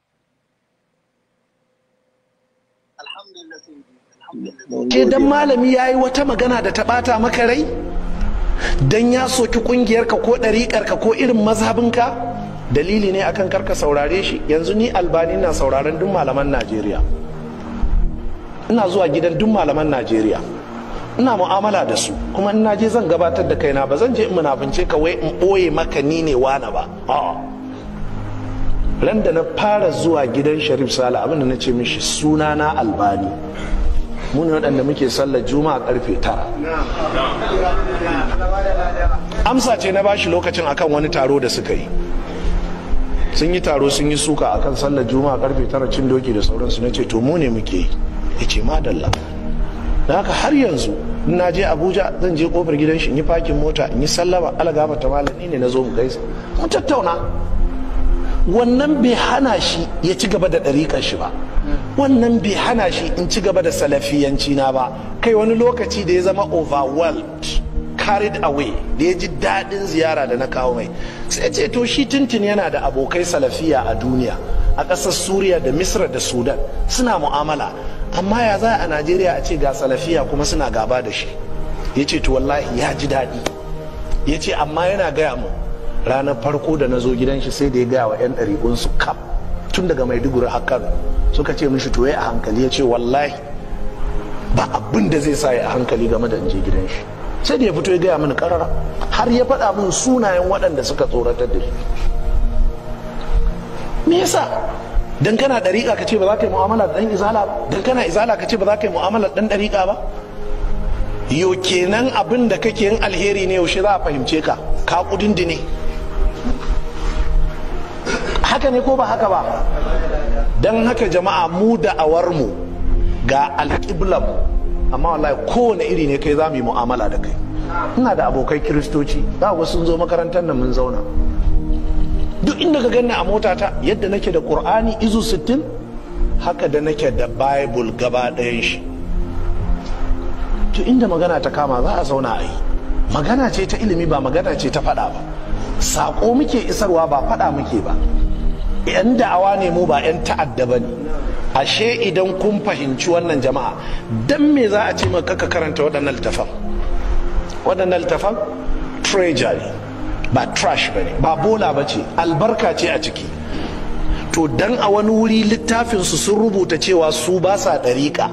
Ke dan malami ya yi wata magana da ta ɓata maka rai? Dan ya soki ƙungiyarka ko ɗariƙarka ko irin mazhabinka? Dalili ne akan karka saurare shi, yanzu ni albani na sauraron duk malaman Najeriya. Ina zuwa gidan duk malaman Najeriya. ina mu'amala da su kuma ina je zan gabatar da kaina ba zan je in munafince ka wai in ɓoye maka ni ne wani ba ran da na fara zuwa gidan sharif sale abin da na ce mishi suna na albani mu waɗanda muke sallar juma'a karfe tara amsa ce na bashi lokacin akan wani taro da suka yi sun yi taro sun yi suka akan sallar juma'a karfe tara cin doki da sauransu na ce to mu ne muke yi ya ce madalla da haka har yanzu na je abuja zan je kofar gidan shi yi fakin mota in yi sallama alagaba ta malami ne na zo mu gaisa mu tattauna wannan bai hana shi ya ci gaba da ɗariƙar shi ba wannan bai hana shi in ci gaba da salafiyanci na ba kai wani lokaci da ya zama overwhelmed carried away da ya ji daɗin ziyara da na kawo mai sai ce to shi tintin yana da abokai salafiya a duniya a ƙasar suriya da misra da sudan suna mu'amala amma ya za a najeriya a ce ga salafiya kuma suna gaba da shi ya ce to wallahi ya ji daɗi ya ce amma yana gaya mu ranar farko da na zo gidan shi sai da ya gaya wa 'yan ɗari'unsu kaf tun daga maiduguri a kano suka ce mishi to ya a hankali ya ce wallahi ba abin da zai sa ya a hankali game da in je gidan shi sai da ya fito ya gaya mini karara har ya faɗa min sunayen waɗanda suka tsoratar da shi me yasa dan kana dariƙa ka ba za ka yi mu'amala da dan izala ba dan kana izala ka ce ba za ka yi mu'amala da dan dariƙa ba yo kenan abin da kake yin alheri ne yaushe za a fahimce ka ka kudin ne haka ne ko ba haka ba dan haka jama'a mu da awarmu ga alƙiblar amma wallahi kowane iri ne kai za mu yi mu'amala da kai ina da abokai kiristoci za ga sun zo makarantar nan mun zauna duk inda ka ganni a mota ta yadda nake da qur'ani izu 60 haka da nake da bible gaba ɗayan shi to inda magana ta kama za a zauna a yi magana ce ta ilimi ba magana ce ta faɗa ba sako muke isarwa ba faɗa muke ba 'yan da'awa ne mu ba 'yan ta'adda ba ne ashe idan kun fahimci wannan jama'a don me za a ce maka ka karanta waɗannan littafan waɗannan littafan treasure ba trash ba ne ba bola ba ce albarka ce a ciki to dan a wani wuri littafinsu sun rubuta cewa su ba sa ɗariƙa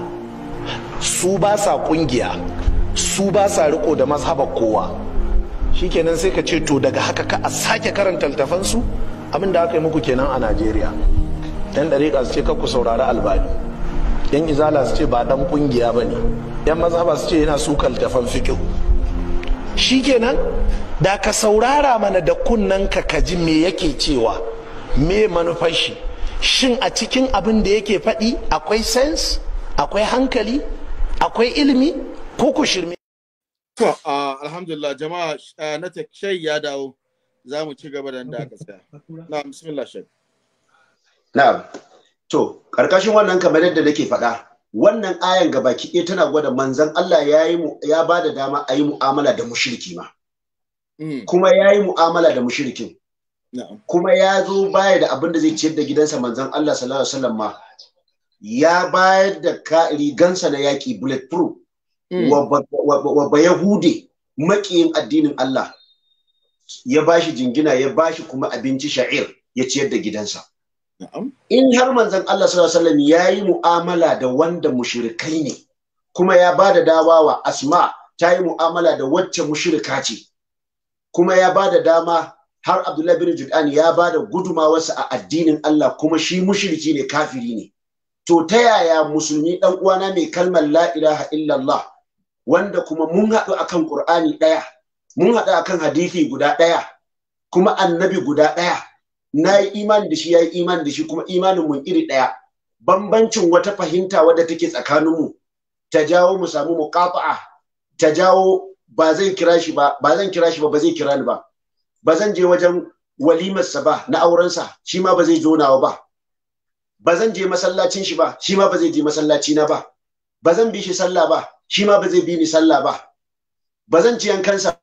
su ba sa ƙungiya su ba sa riko da mazhabar kowa shikenan sai ka ce to daga haka ka a sake karanta littafansu abin da aka yi muku kenan a najeriya yan dariƙa su ce kakku saurari albani yan izala su ce ba dan ƙungiya ba ne yan mazhaba su ce yana sukar tafan fiƙi shi kenan da ka saurara mana da kunnen ka kaji me yake cewa me manufar shi shin a cikin abin da yake faɗi akwai sense akwai hankali akwai ilimi ko ku shirme alhamdulillah jama'a na ta ya dawo za mu ci gaba da da aka tsaya na bismillah na'am to karkashin wannan kamar yadda nake faɗa wannan ayan ga baki ɗaya tana gwada manzan Allah ya yi ya ba da dama a yi mu'amala da mushriki ma mm. kuma ya yi mu'amala da mushrikin kuma ya zo baya da abin da zai ciyar da gidansa manzan Allah sallallahu alaihi wasallam ma ya bayar da rigansa na yaƙi proof, mm. wa ba hude, maƙiyin addinin Allah ya bashi jingina ya bashi kuma abinci sha'ir ya ciyar da gidansa. in har manzon Allah sallallahu alaihi wasallam yi mu'amala da wanda mushrikai ne kuma ya ba da dawa wa asma ta yi mu'amala da wacce mushrika ce kuma ya ba da dama har Abdullahi bin Jud'an ya bada gudumawarsa a addinin Allah kuma shi mushriki ne kafiri ne to ta yaya musulmi dan uwana mai kalmar la ilaha illallah wanda kuma mun haɗu akan Qur'ani ɗaya mun haɗu akan hadisi guda ɗaya kuma annabi guda ɗaya na yi imani da shi ya yi imani da shi kuma imanin mu iri ɗaya bambancin wata fahimta wadda take tsakaninmu ta jawo mu samu mu kafa'a. ta jawo ba zai kira shi ba ba zan kira shi ba ba zai kira ni ba ba zan je wajen walimarsa ba na aurensa shi ma ba zai zo nawa ba ba zan je masallacin shi ba shi ma ba zai je masallaci na ba ba zan bi shi sallah ba shi ma ba zai bi ni sallah ba ba zan ci yankansa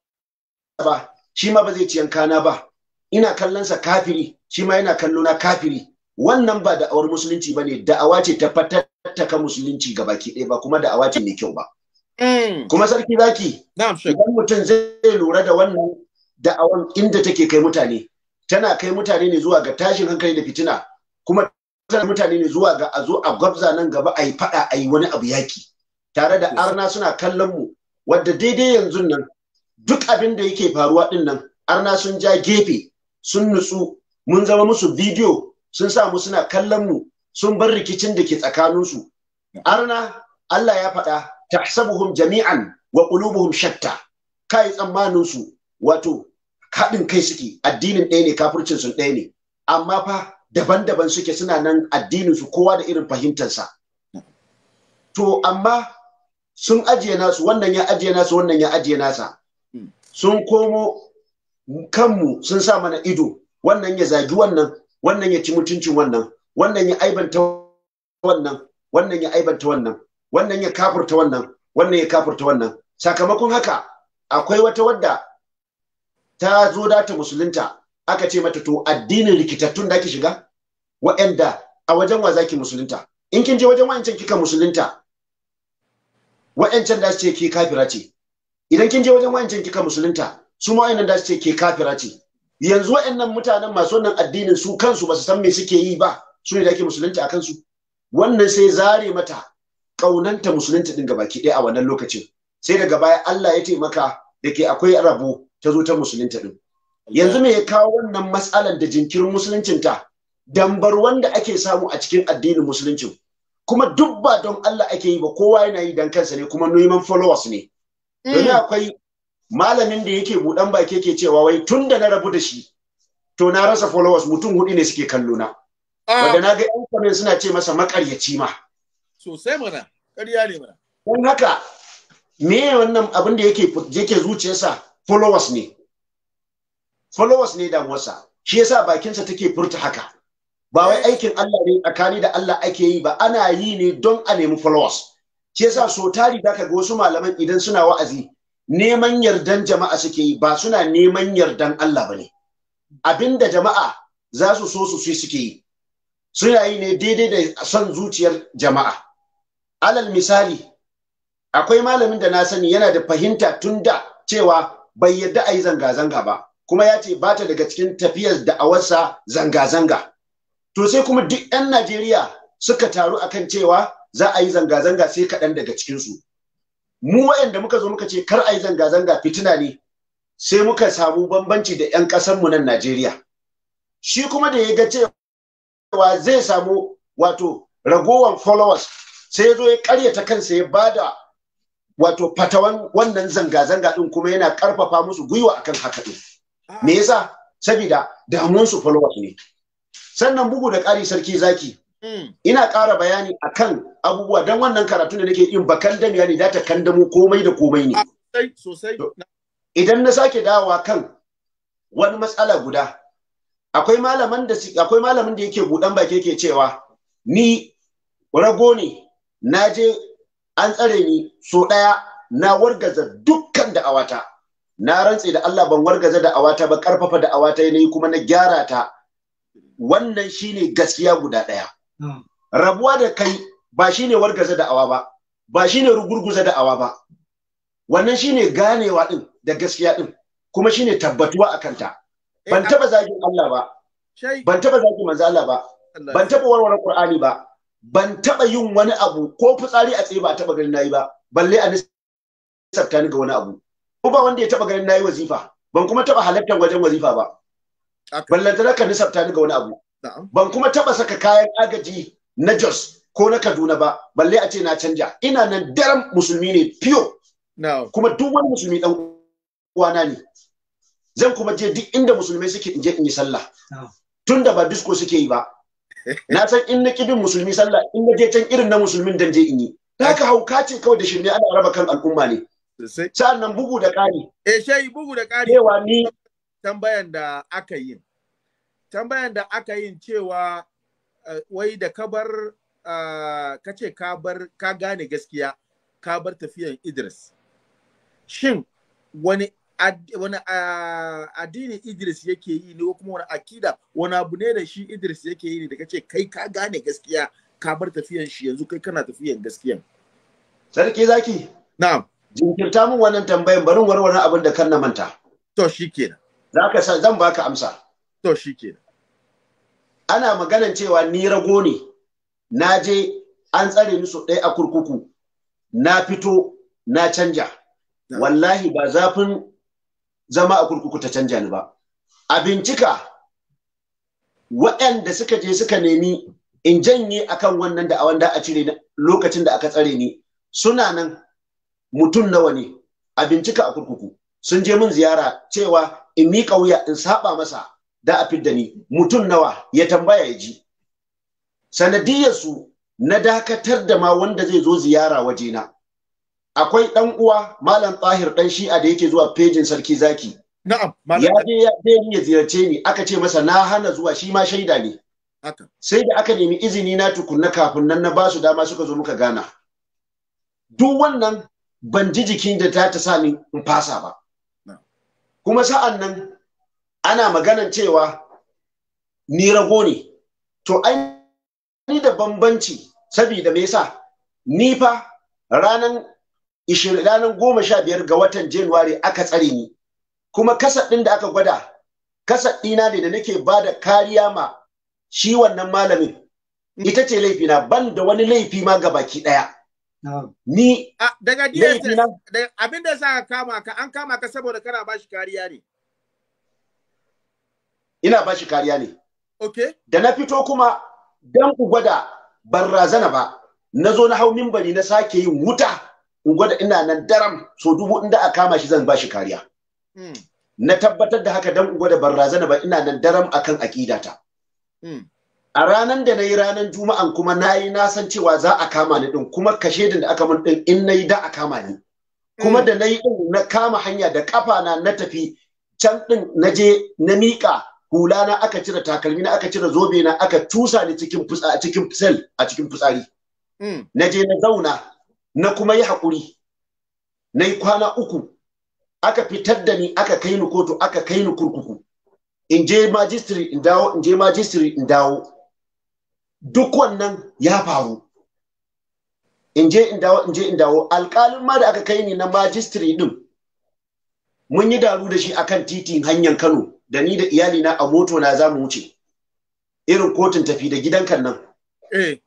ba shi ma ba zai ci yankana ba ina kallonsa kafiri shi ma yana kallo na kafiri wannan ba da'awar musulunci bane da'awa ce ta fatattaka musulunci ga baki ɗaya ba kuma da'awa ce mai kyau ba mm. kuma sarki zaki idan mutum zai lura da wannan da'awan inda take kai mutane tana kai mutane ne zuwa ga tashin hankali da fitina kuma tana mutane ne zuwa ga a zo a gwabza nan gaba a yi faɗa a yi wani abu yaki tare da arna suna kallon mu wadda daidai yanzu nan duk abin da yake faruwa din nan arna sun ja gefe sun nutsu mun zama musu bidiyo sun sa mu suna kallon mu sun bar rikicin da ke tsakaninsu arna Allah ya faɗa tahsabuhum jami'an wa qulubuhum shatta kai tsammanin su wato haɗin kai suke addinin ɗaya ne kafircin sun ɗaya ne amma fa daban-daban suke suna nan addinin su kowa da irin fahimtarsa to amma sun ajiye nasu wannan ya ajiye nasu wannan ya ajiye nasa hmm. sun komo kanmu sun sa mana ido wannan ya zagi wannan wannan ya ci mutuncin wannan wannan ya aibanta wannan wannan ya aibanta wannan wannan ya kafurta wannan wannan ya kafurta wannan sakamakon haka akwai wata wadda ta zo da ta musulunta aka ce mata to addinin rikitattun da ki shiga wa'anda a wajen wa zaki musulunta in kin je wajen wa'ancan kika musulunta wa'ancan da su ce ke kafira ce idan kin je wajen wa'ancan kika musulunta su ma wa'annan da su ce ke kafira ce yanzu waɗannan mutanen masu wannan addinin su kansu ba su san me suke yi ba su ne da ake musulunci a kansu wannan sai zare mata ƙaunanta din ɗin gabaki ɗaya a wannan lokacin sai daga baya Allah ya taimaka da ke akwai rabo ta zo ta musulunci ɗin yanzu me ya kawo wannan matsalar da jinkirin musuluncin ta dambar wanda ake samu a cikin addinin musuluncin kuma duk ba don Allah ake yi ba kowa yana yi dan kansa ne kuma neman followers ne mm. don akwai malamin da yake buɗan baki yake cewa wai tun da na rabu da shi to na rasa followers mutum hudu ne suke kallo na ah. wanda na ga yan suna ce masa makaryaci ma sosai mana ƙarya ne mana don haka me wannan abin da yake yake zuciyarsa followers ne followers ne damuwarsa shi yasa bakinsa take furta haka ba wai aikin Allah ne tsakani da Allah ake yi ba ana yi ne don a nemi followers shi yasa so tari zaka ga wasu malaman idan suna wa'azi neman yardan jama'a suke yi ba suna neman yardan Allah ba ne abinda jama'a za su so su suke yi suna yi ne daidai da son zuciyar jama'a alal misali akwai malamin da na sani yana da fahimta tun da cewa bai yadda a yi zanga-zanga ba kuma ya ce ba ta daga cikin tafiyar da a awarsa zanga-zanga to sai kuma duk 'yan najeriya suka taru akan cewa za a yi zanga-zanga sai kaɗan daga cikinsu mu waɗanda muka zo muka ce kar a yi zanga-zanga fitina ne sai muka samu bambanci da 'yan ƙasanmu nan Najeriya. Shi kuma da ya ga cewa zai samu wato ragowan followers sai ya zo ya karyata kansa ya ba da wato fatawan wannan zanga-zanga ɗin kuma yana ƙarfafa musu gwiwa akan haka ɗin. Me yasa? Sabida damunsu followers ne. Sannan bugu da ƙari sarki zaki Mm. ina ƙara bayani akan abubuwa don wannan karatun da nake yin ba kandamiya ne da ta kandamu komai da komai ne idan na sake dawowa kan wani matsala guda akwai malaman da akwai malamin da yake budan baki yake cewa ni rago ne na je an tsare ni so ɗaya. na wargaza dukkan da awata na rantse da Allah ban wargaza da awata ba karfafa da awata ne kuma na gyara ta wannan shine gaskiya guda ɗaya. rabuwa da kai ba shine wargaza da awa ba ba shine rugurguza awa ba wannan shine ganewa din da gaskiya din kuma shine tabbatuwa a kanta eh, ban taba zagin Allah ba ban taba zagin manzo Allah ba ban taba warware Qur'ani ba ban taba yin wani abu ko fitsari a tsaye ba taba ganin nayi ba balle a nisabta ni ga wani abu ko ba wanda ya taba ganin nayi wazifa ban kuma taba halartar wajen wazifa ba ballantana ka nisabta ni ga wani abu ban kuma taba saka kayan agaji na Jos ko na Kaduna ba balle a ce na canja ina nan daren musulmi ne fiyo kuma duk wani musulmi dan uwana ne zan kuma je duk inda musulmai suke in je in yi sallah tunda ba disco suke yi ba na san in na kibin musulmi sallah in na je can irin na musulmin dan je in yi haka hauka ce kawai da shirme ana raba kan al'umma ne sa'an nan bugu da ƙari eh shayi bugu da ƙari cewa ni tambayan da aka yi tambayan da aka yin cewa eh, wai da ka bar ah, ka ce ka gane gaskiya ka bar tafiyan Idris. Shin wani wani ah, addini Idris yake yi ne ko kuma wani akida wani abu ne da shi Idris yake yi ne da kace kai ka gane gaskiya ka bar tafiyan shi yanzu kai kana tafiyan gaskiyan Sarki zaki na'am jinkirta min wannan tambayan barin warware abin da kan na manta to shikenan zaka zan baka amsa to shikenan ana maganan cewa ni rago ne na je an tsare ni su ɗaya a kurkuku na fito na canja wallahi ba zafin zama a kurkuku ta canja ni ba a bincika waɗanda suka je suka nemi in janye akan wannan da a wanda a cire lokacin da aka tsare ni suna nan mutum nawa ne a bincika a kurkuku sun je min ziyara cewa in miƙa wuya in saba masa da a fidda ni mutum nawa ya tambaya ya ji sanadiyarsu na dakatar da ma wanda zai zo ziyara wajena akwai dan uwa malam tahir dan shi'a da yake zuwa pejin sarki zaki na'am ya je ya je ni ya ziyarce ni aka ce masa na hana zuwa shi ma shaida ne sai da aka nemi izini na tukunna kafin nan na basu dama suka zo muka gana duk wannan ban ji jikin da ta ta sa ni in fasa ba kuma sa'an nan ana maganan cewa ni rago ne to ai ni da bambanci saboda me yasa ni fa ranan ranar goma sha biyar ga watan januwari aka tsare ni kuma kasaɗin da aka gwada kasaɗina ne da nake ba da kariya ma shi wannan malamin ita ce laifina ban da wani laifi ma ga baki ɗaya ni daga abin da ka kama ka an kama ka saboda kana ba shi kariya ne ina ba shi kariya ne okay da na fito kuma don ku gwada barazana ba na zo na hau mimbari na sake yin wuta in gwada ina nan daram so dubu inda a kama shi zan ba shi kariya hmm. na tabbatar da haka dan gwada barazana ba ina nan daram akan aƙidata. Hmm. a ranar da na yi ranar juma'an kuma na yi na san cewa za a kama ni ɗin, kuma kashe din da aka mun ɗin, in na yi da a kama ni kuma hmm. da na yi ɗin na kama hanya da kafa na na tafi can ɗin na je na miƙa hula na aka cire takalmi na aka cire zobe na aka tusa ni cikin a cikin sel a cikin fitsari hmm. na je na zauna na kuma yi hakuri na yi kwana uku aka fitar da ni aka kai ni kotu aka kai ni kurkuku in je majistri in dawo in je majistri in dawo duk wannan ya faru in je in dawo in je in dawo alƙalin ma da aka kai ni na majistri din mun yi daru da shi akan titin hanyar Kano da ni da iyalina a moto na za mu wuce irin kotun tafi da gidan kan nan ce eh.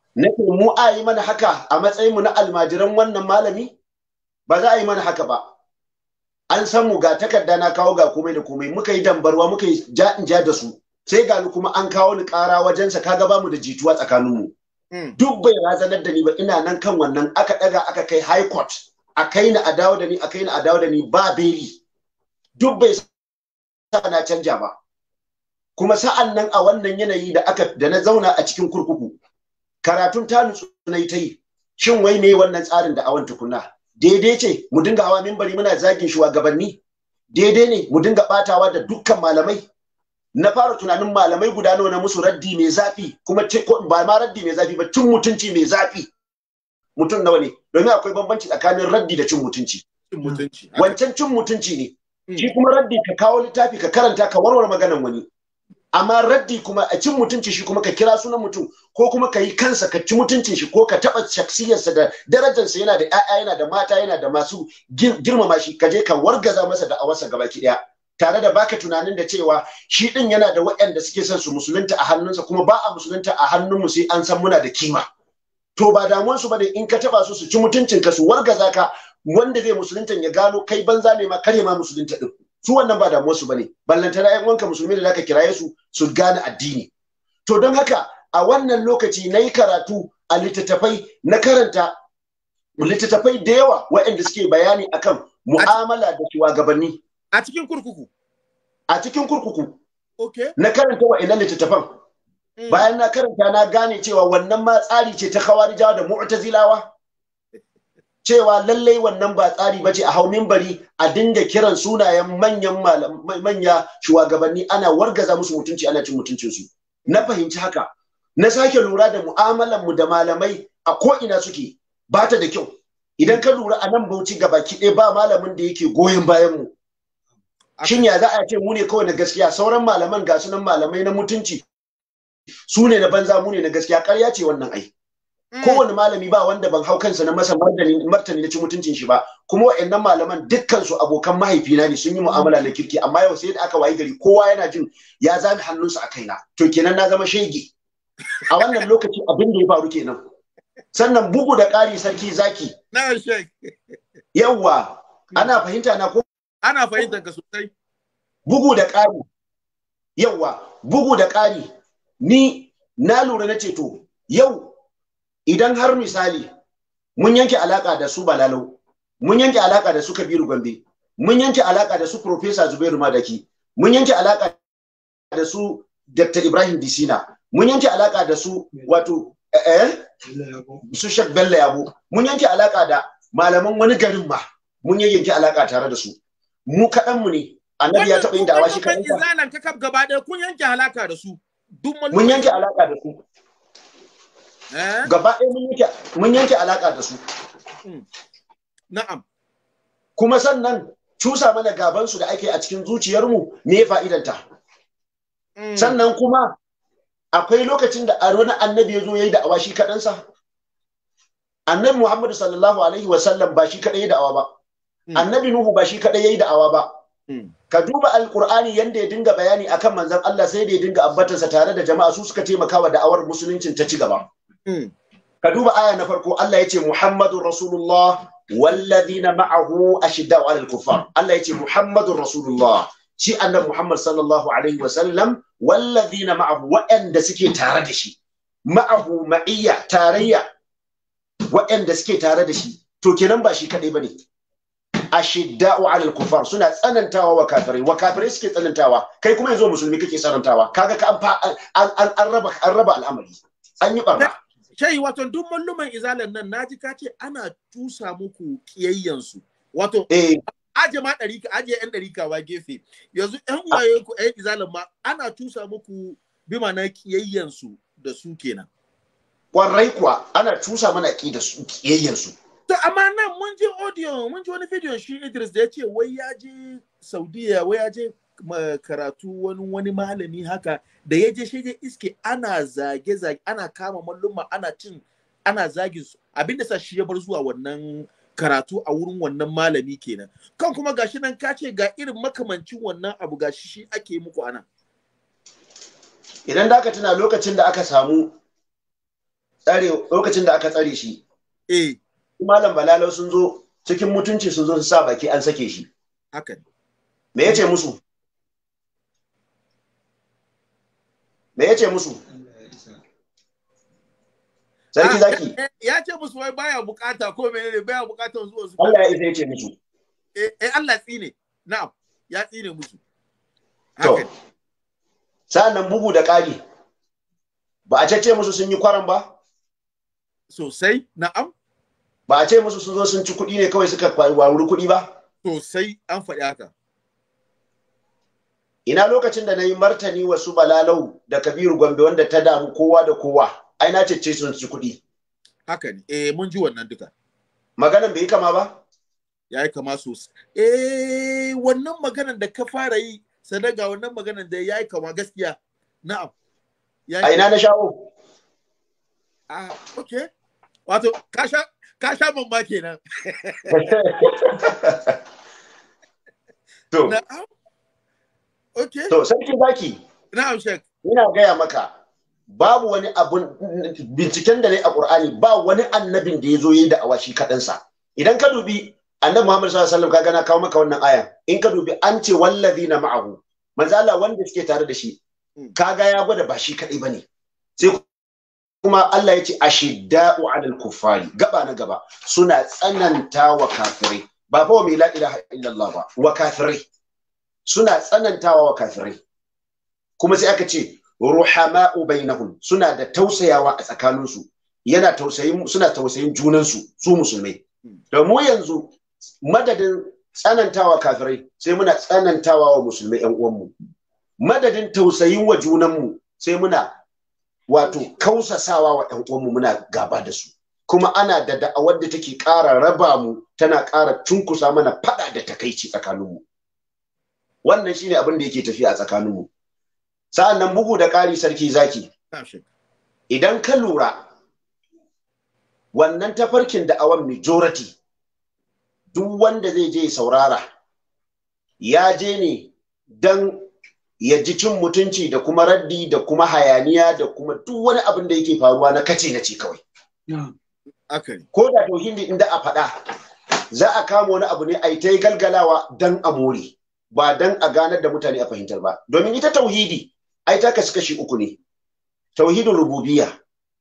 mu a yi mana haka a matsayin mu na almajiran wannan malami ba za a yi mana haka ba an san mu ga takarda na kawo ga komai da komai muka yi dambarwa muka yi ja in ja da su sai ga ni kuma an kawo ni ƙara wajensa kaga ba mu da jituwa tsakanin mu hmm. duk bai razanar da ni ba ina nan kan wannan aka ɗaga aka kai high court a kai ni a dawo da ni a kai ni a dawo da ni ba beli duk bai sa na canja ba kuma sa'an nan a wannan yanayi da aka da na zauna a cikin kurkuku karatun ta nutsu na ta yi shin wai me wannan tsarin da awan tukunna daidai ce mu dinga hawa mimbari muna zagin shugabanni daidai ne mu dinga batawa da dukkan malamai na fara tunanin malamai guda nawa na musu raddi mai zafi kuma ba ma raddi mai zafi ba cin mutunci mai zafi mutum nawa ne domin akwai bambanci tsakanin raddi da cin mutunci wancan cin mutunci ne shi kuma raddi ka kawo littafi ka karanta ka warware maganan wani amma raddi kuma a cin mutuncin shi kuma ka kira sunan mutum ko kuma ka yi kansa ka ci mutuncin shi ko ka taba shaksiyarsa da darajarsa yana da 'ya'ya yana da mata yana da masu girmama shi ka je ka wargaza masa da awarsa gaba ki ɗaya tare da baka tunanin da cewa shi din yana da waɗanda suke son su musulunta a hannunsa kuma ba a musulunta a hannunmu sai an san muna da kima to ba damuwansu ba ne in ka taɓa su su ci mutuncin ka su wargaza ka wanda zai musulunta ya gano kai banza ne ma kare ma musulunta din su wannan ba damuwar su bane ballanta na wanka musulmi da zaka kiraye su su gane addini to don haka a wannan lokaci na yi karatu a littattafai na karanta littattafai da yawa waɗanda suke bayani akan mu'amala da gabanni. a cikin kurkuku a cikin kurkuku okay. na karanta wa'annan littattafan mm. bayan na karanta na gane cewa wannan ma tsari ce ta khawarijawa da mu'tazilawa cewa lallai wannan ba tsari ba ce a hau bari a dinga kiran sunayen manyan manya shugabanni ana wargaza musu mutunci ana cin mutuncin su na fahimci haka na sake lura da mu'amalan mu da malamai a ko ina suke ba ta da kyau idan ka lura a nan bauchi gabaki ɗaya ba malamin da yake goyon bayan mu shin ya za a ce mu ne kawai na gaskiya sauran malaman ga sunan malamai na mutunci su ne na banza mu ne na gaskiya ƙarya ce wannan ai Mm. kowane malami ba wanda ban hau kansa na masa martani na ci mutuncin shi ba kuma wa'annan malaman dukkan su abokan mahaifina ne sun yi mu'amala na kirki amma yau sai da aka wayi gari kowa yana jin ya zame hannunsa a kaina to kenan na zama shege a wannan lokaci abin da ya faru kenan sannan bugu da ƙari sarki zaki yawwa hmm. ana fahimta na ko ana fahimta ka sosai bugu da ƙari yawa bugu da ƙari ni na lura na ceto yau idan har misali mun yanke alaka da su balalau mun yanke alaka da su kabiru gombe mun yanke alaka da su professor zubairu madaki mun yanke alaka da su dr ibrahim disina mun yanke alaka da su wato eh, eh su shak bello yabo mun yanke alaka da malaman wani garin ma mun yanke alaka tare da su mu kaɗan mu ne annabi ya taɓa yin da'awa shi kan ka gaba ɗaya kun yanke alaka da su mun yanke alaka da su Eh? gaba ɗaya mun yanke mun alaka da su hmm. na'am kuma sannan cusa mana gaban su da ake a cikin zuciyarmu me fa'idanta hmm. sannan kuma akwai lokacin da wani annabi ya zo ya yi da'awa shi kaɗansa annabi muhammadu sallallahu alaihi wasallam ba shi kaɗai ya da'awa ba hmm. annabi nuhu ba shi kaɗai ya yi da'awa ba ka duba alkur'ani yadda ya dinga bayani akan manzan Allah sai da ya dinga abbatarsa tare da jama'a su suka taimaka wa da'awar musuluncin ta ci gaba Hmm. ka duba aya na farko Allah ya ce Muhammadun Rasulullah wallazina ma'ahu a shidda wa 'alal kuffar Allah ya ce Muhammadun Rasulullah shi annabi Muhammad sallallahu alaihi wa wasallam wallazina ma'ahu waɗanda suke tare da shi ma'ahu ma'iyya tarayya waɗanda suke tare da shi to kenan ba shi kadai shidda wa 'alal kuffar suna tsanantawa wa kafirai wa kafirai suke tsanantawa kai kuma yanzu musulmi kake tsanantawa kaga ka an an raba an raba al'amari an yi barna Shai wato duk malluman izalan nan naji ka ce ana tusa muku kiyayyansu. Wato eh. aje ma ɗari aje yan ɗari kawa gefe. Yanzu ƴan uwaye ku ƴan izalan ma ana tusa muku bi mana kiyayyansu da su kenan. Kwarai kuwa ana tusa mana ki da su kiyayyansu. To amma nan mun ji audio mun ji wani video shi Idris da ya ce wai ya je Saudiya wai ya je karatu wani wani malami haka da ya je shi iske ana zage zage ana kama malluma ana cin ana zagin su abinda sa shi ya bar zuwa wannan karatu a wurin wannan malami kenan kan kuma gashi nan ka ce ga irin makamancin wannan abu gashi shi ake muku ana idan da aka tuna lokacin da aka samu tsare lokacin da aka tsare shi eh malam balalo sun zo cikin mutunci sun zo su sa baki an sake shi haka me yace musu me yace musu sarki ah, zaki eh, eh, ya ce musu wai baya bukata ko menene baya bukata zuwa su Allah ya isa yace musu eh eh Allah tsine na'am ya tsine musu to nan bugu da ƙari ba a ce musu sun yi kwaran ba sosai na'am ba a ce musu sun zo sun ci kuɗi ne kawai suka wawuri kuɗi ba sosai an faɗi haka ina lokacin da na yi martani wasu balalau da kabiru gombe wanda ta damu kowa da kowa ai na cece sun ci kuɗi haka ne eh mun ji wannan duka maganan bai kama ba ya yi kama sosai eh wannan maganan da ka fara yi ga wannan maganan da ya yi kama gaskiya na'am a ina na shawo ah okay wato ka sha ka sha mamma kenan to na'am Okay. To sarki zaki. Ina gaya maka babu wani abun binciken da ne a Qur'ani ba wani annabin da ya zo yi da awashi kaɗansa. Idan ka dubi annabi Muhammad sallallahu alaihi wasallam kaga na kawo maka wannan ayan in ka dubi an ce wallazina ma'ahu manzo Allah wanda suke tare da shi hmm. kaga ya gwada ba shi kaɗai bane sai kuma Allah ya ce ashidda'u 'alal kuffari gaba na gaba suna tsananta wa kafirai ba fa wa la ilaha illallah ba wa kafirai suna tsanantawa wa kafirai kuma sai aka ce ruhama'u bainahum suna da tausayawa a tsakaninsu yana tausayin suna tausayin junansu su musulmai da mu yanzu madadin tsanantawa kafirai sai muna tsanantawa wa musulmai yan uwanmu madadin tausayin wa junanmu sai muna wato kausasawa wa yan uwanmu muna gaba da su kuma ana da da'awar da take ƙara raba mu tana ƙara cunkusa mana faɗa da takaici tsakaninmu wannan shine abin da yake tafiya a tsakaninmu sa'an nan bugu da ƙari sarki zaki idan ka lura wannan tafarkin da awan majority duk wanda zai je saurara ya je ne don ya ji cin mutunci da kuma raddi da kuma hayaniya da kuma duk wani abin da yake faruwa na kace na ce kawai ko da tauhidi inda a faɗa za a kama wani abu ne a yi ta galgalawa don a more ba dan a ganar da mutane a fahimtar ba domin ita tauhidi ai ta kashi kashi uku ne tauhidul Rububiya,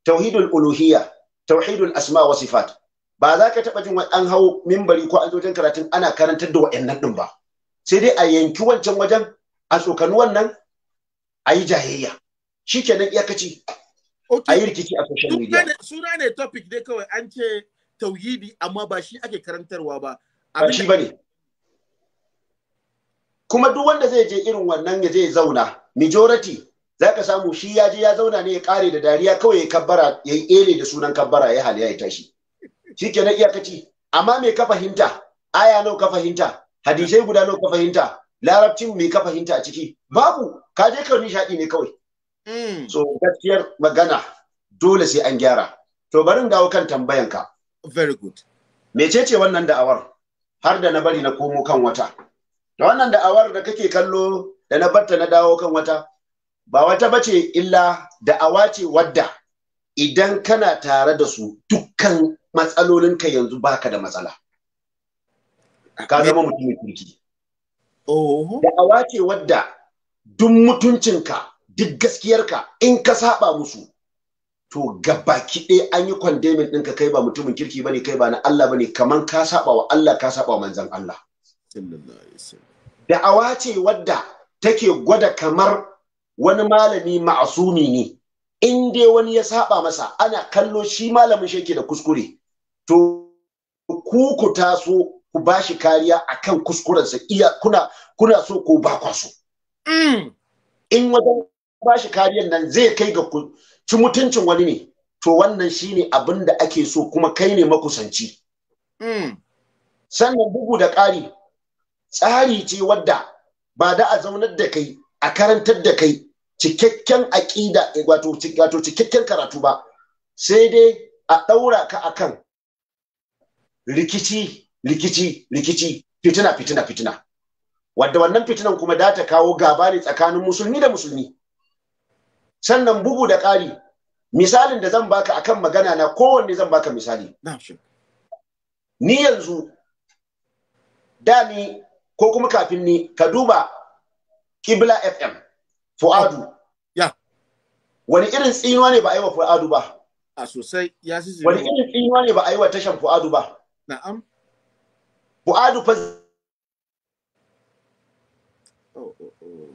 tauhidul uluhiyya tauhidun asma wa sifat ba za ka taba jin an hau mimbari ko an zo karatun ana karantar da wa'annan din ba sai dai a yanki wancan wajen a tsokani wannan a yi jayayya kenan iyakaci a yi rikici a social media suna ne topic dai kawai an ce tauhidi amma ba shi ake karantarwa ba ba shi ba ne. kuma duk wanda zai je irin wannan ya je zauna majority zaka samu shi ya je ya zauna ne ya kare da dariya kawai ya kabbara ya yi ele da sunan kabbara ya haliya ya tashi na iyakaci amma me ka fahimta aya nawa ka fahimta hadisai guda nawa ka fahimta larabcin me ka fahimta a ciki babu ka je ka nishadi ne kawai mm. so gaskiyar magana dole sai an gyara to barin dawo kan tambayanka very good mecece wannan da'awar har da na bari na komo kan wata da wannan da'awar da kake kallo da na batta na dawo kan wata ba wata bace illa da'awa ce wadda idan kana tare da su dukkan matsalolinka yanzu baka da matsala ka zama mutumin kirki da'awa ce wadda duk mutuncinka duk gaskiyarka in ka saba musu to gabaki ɗaya an yi kwandemin ɗinka kai ba mutumin kirki bane kai ba na Allah bane kaman ka saba wa Allah ka saba wa manzon Allah sallallahu alaihi wasallam da'awa ce wadda take gwada kamar wani malami ma'asumi ne in dai wani ya saba masa ana kallo shi malamin shi yake da kuskure to ku ku taso ku ba shi kariya akan kuskurensa iya kuna kuna so ko ba kwa mm. in wajen ba shi kariyar nan zai kai ga ci mutuncin wani ne to wannan shine abin da ake so kuma kai ne makusanci mm. sannan bugu da ƙari tsari ce wadda ba da a zaunar da kai a karantar da kai cikakken aƙida wato cikakken karatu ba sai dai a ɗaura ka akan rikici rikici rikici fitina fitina fitina wadda wannan fitinan kuma da ta kawo gaba ne tsakanin musulmi da musulmi sannan bugu da ƙari misalin da zan baka akan magana na kowanne zan baka misali ni yanzu da ni ko kuma kafin ni ka duba kibla fm fu'adu oh, ya wani irin tsinuwa ne ba a yi wa fu'adu ba a sosai ya si wani irin tsinuwa ne ba a yi wa tashan fu'adu ba na'am fu'adu fa oh, oh,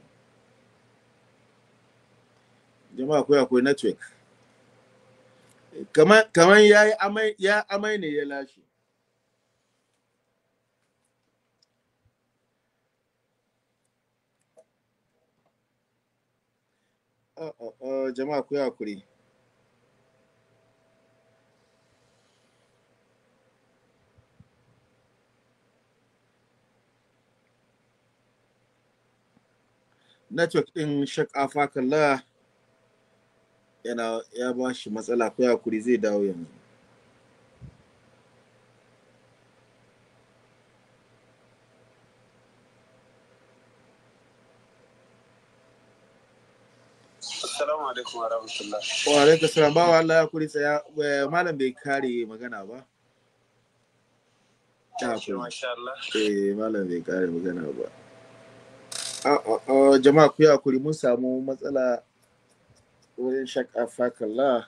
jama'a akwai akwai network kamar ya amai ne ya lashe Ah, ah, ah, jama'a ku hakuri network din shakafa kalla yana ya ba shi matsala ku hakuri zai dawo yanzu alaikum wa rahmatullah. Wa alaikum salam ba wa Allah ya kuri tsaya malam bai kare magana ba. Eh malam bai kare magana ba. Jama'a ku ya kuri mun samu matsala wurin shakka fakalla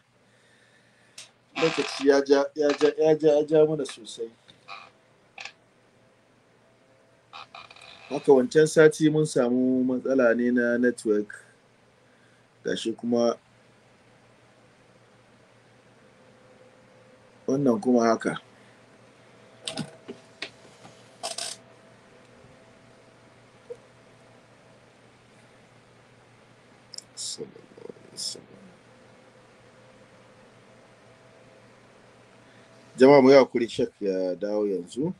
lokaci ya ja ya ja mana sosai. Haka wancan sati mun samu matsala ne na network. gashi kuma wannan kuma haka jama'a mu yi hakuri shek ya dawo yanzu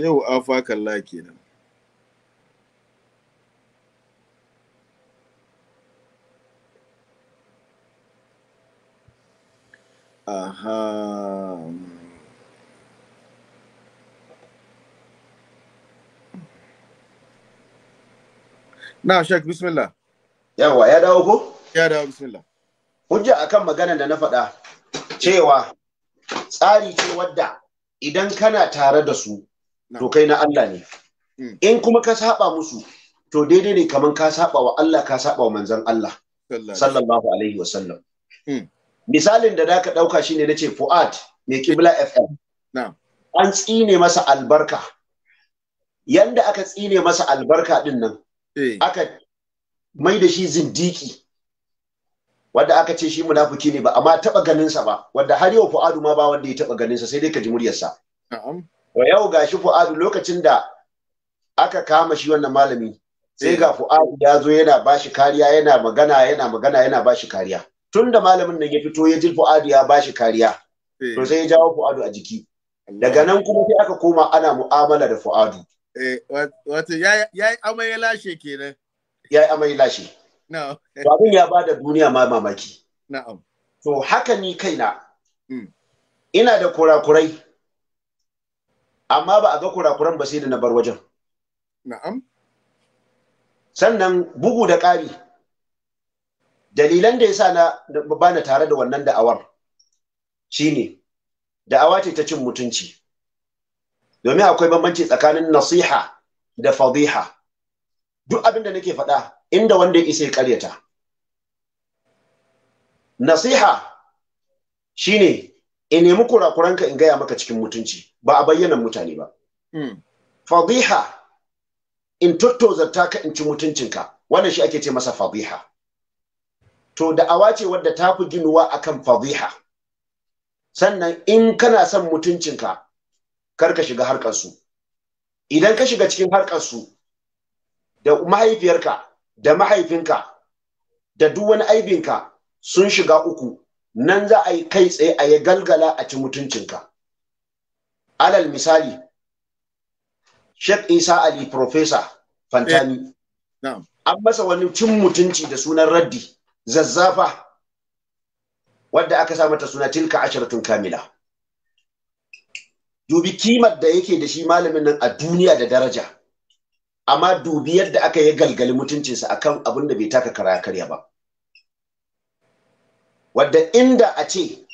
shehu afa kalla kenan aha na shek bismillah yawa ya dawo ko ya dawo bismillah hujja akan maganar da na faɗa cewa tsari ce wadda idan kana tare da su to kai na Allah ne hmm. in kuma ka saba musu to daidai ne kaman ka saba wa Allah ka saba wa manzon Allah sallallahu alaihi wa sallam hmm. misalin da zaka dauka shine nace Fuad mai Qibla FM an tsine masa albarka yanda aka tsine masa albarka din nan eh. aka mai da shi zindiki wanda aka ce shi munafiki ne ba amma taba ganin sa ba wanda har yau Fuadu ma ba wanda ya taba ganin sa sai dai ka ji muryarsa. na'am wa yau ga shi fu'adu lokacin da aka kama shi wannan malami sai ga fu'adu ya zo yana ba shi kariya yana magana yana magana yana shi kariya tun da malamin nan ya fito ya ji fu'adu ya ba shi kariya eh. to sai ya jawo fu'adu a jiki daga nan kuma sai aka koma ana mu'amala da fu'adu eh, wato ya yi lashe kenan ya yi lashe abin ya bada duniya ma mamaki na'am to haka ni kaina hmm. ina da kurakurai amma ba a ga kurakuran ba sai da na bar wajen na'am sannan bugu da ƙari dalilan da ya sa na ba na tare da wannan da'awar shine da'awa ce ta cin mutunci domin akwai bambanci tsakanin nasiha da fadiha duk abin da nake faɗa inda wanda ya isa ya ƙaryata nasiha shine in e, nemi kurakuranka in gaya maka cikin mutunci ba a bayyana mutane ba hmm. fadiha in tottozarta ka in ci mutuncinka wannan shi ake ce masa fadiha to da awa ce wadda ta fi ginuwa akan fadiha sannan in kana son mutuncinka kar ka shiga harkarsu idan ka shiga cikin harkarsu da mahaifiyarka da mahaifinka da duk wani aibinka sun shiga uku nan za a yi kai tsaye a yi galgala a ci mutuncinka alal misali Sheikh Isa Ali Profesa Fantani eh, an masa wani cin mutunci da sunan raddi zazzafa wadda aka sa mata suna tilka ashirin kamila dubi kimar da yake da shi malamin nan a duniya da daraja amma dubi yadda aka yi galgali mutuncinsa akan abin da bai taka kara karya ba wadda inda a ce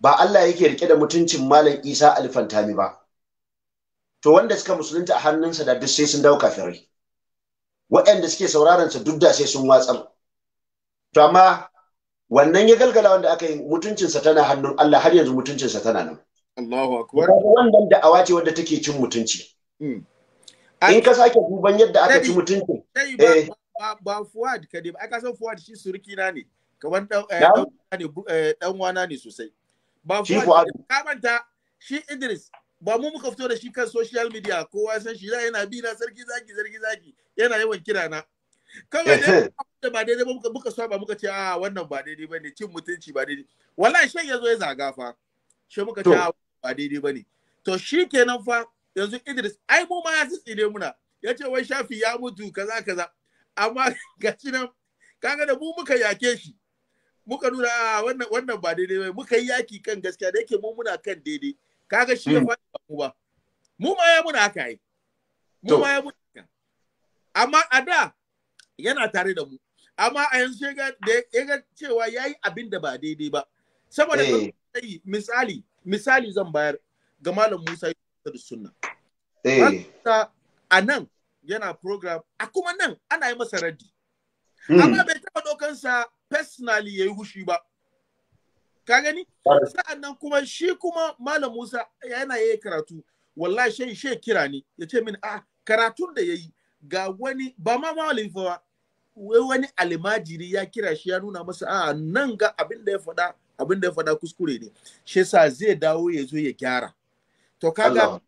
ba Allah yake rike da mutuncin malam Isa alfantami ba to wanda suka musulunta a hannunsa da duk sai sun dawo kafirai waɗanda suke sauraron sa duk da sai sun watsar to amma wannan ya galgala wanda aka yi mutuncinsa tana hannun Allah har yanzu mutuncinsa tana nan Allahu akbar wannan da'awa ce wadda take cin mutunci hmm. in ka sake duban yadda aka ci mutunci eh. ba ba Fuad kadai ba ka san Fuad shi surukina ne kamar dan wana ne sosai ba ka manta shi Idris ba mu muka fito da shi kan social media kowa san shi da yana bi na sarki zaki sarki zaki yana yawan kira na kawai da da eh. ba daidai ba muka muka saba muka ce a ah, wannan ba daidai bane cin mutunci ba daidai wallahi shan yazo ya zaga fa shi muka ce ah, ba daidai bane to shi kenan fa yanzu Idris ai mu ma ya tsitsire muna ya ce wai shafi ya mutu kaza kaza amma ga shi nan kaga da mu muka yake shi muka nuna ah, wannan wannan ba daidai bai muka yi yaki kan gaskiya da yake mu muna kan daidai kaga shi ya hmm. faɗi ba mu ba mu ma ya muna haka yi mu ma ya muna haka amma a da yana tare da mu amma a yanzu ya ga ya ga cewa yayi abin da ba daidai ba saboda eh. misali misali zan bayar ga malam Musa da sunna eh. a nan yana program a kuma nan ana yi masa raddi hmm. amma bai taɓa ɗaukansa personally yayi hushi ba ka gani sa'annan kuma shi kuma malam Musa yana yayi karatu wallahi shi shi kira ni ya ce min a ah, karatun da yayi ga wani ba ma malami fa wai wani almajiri ya kira shi ya nuna masa a ah, nan ga abin da ya faɗa abin da ya faɗa kuskure ne shi sa zai dawo ya zo ya gyara to kaga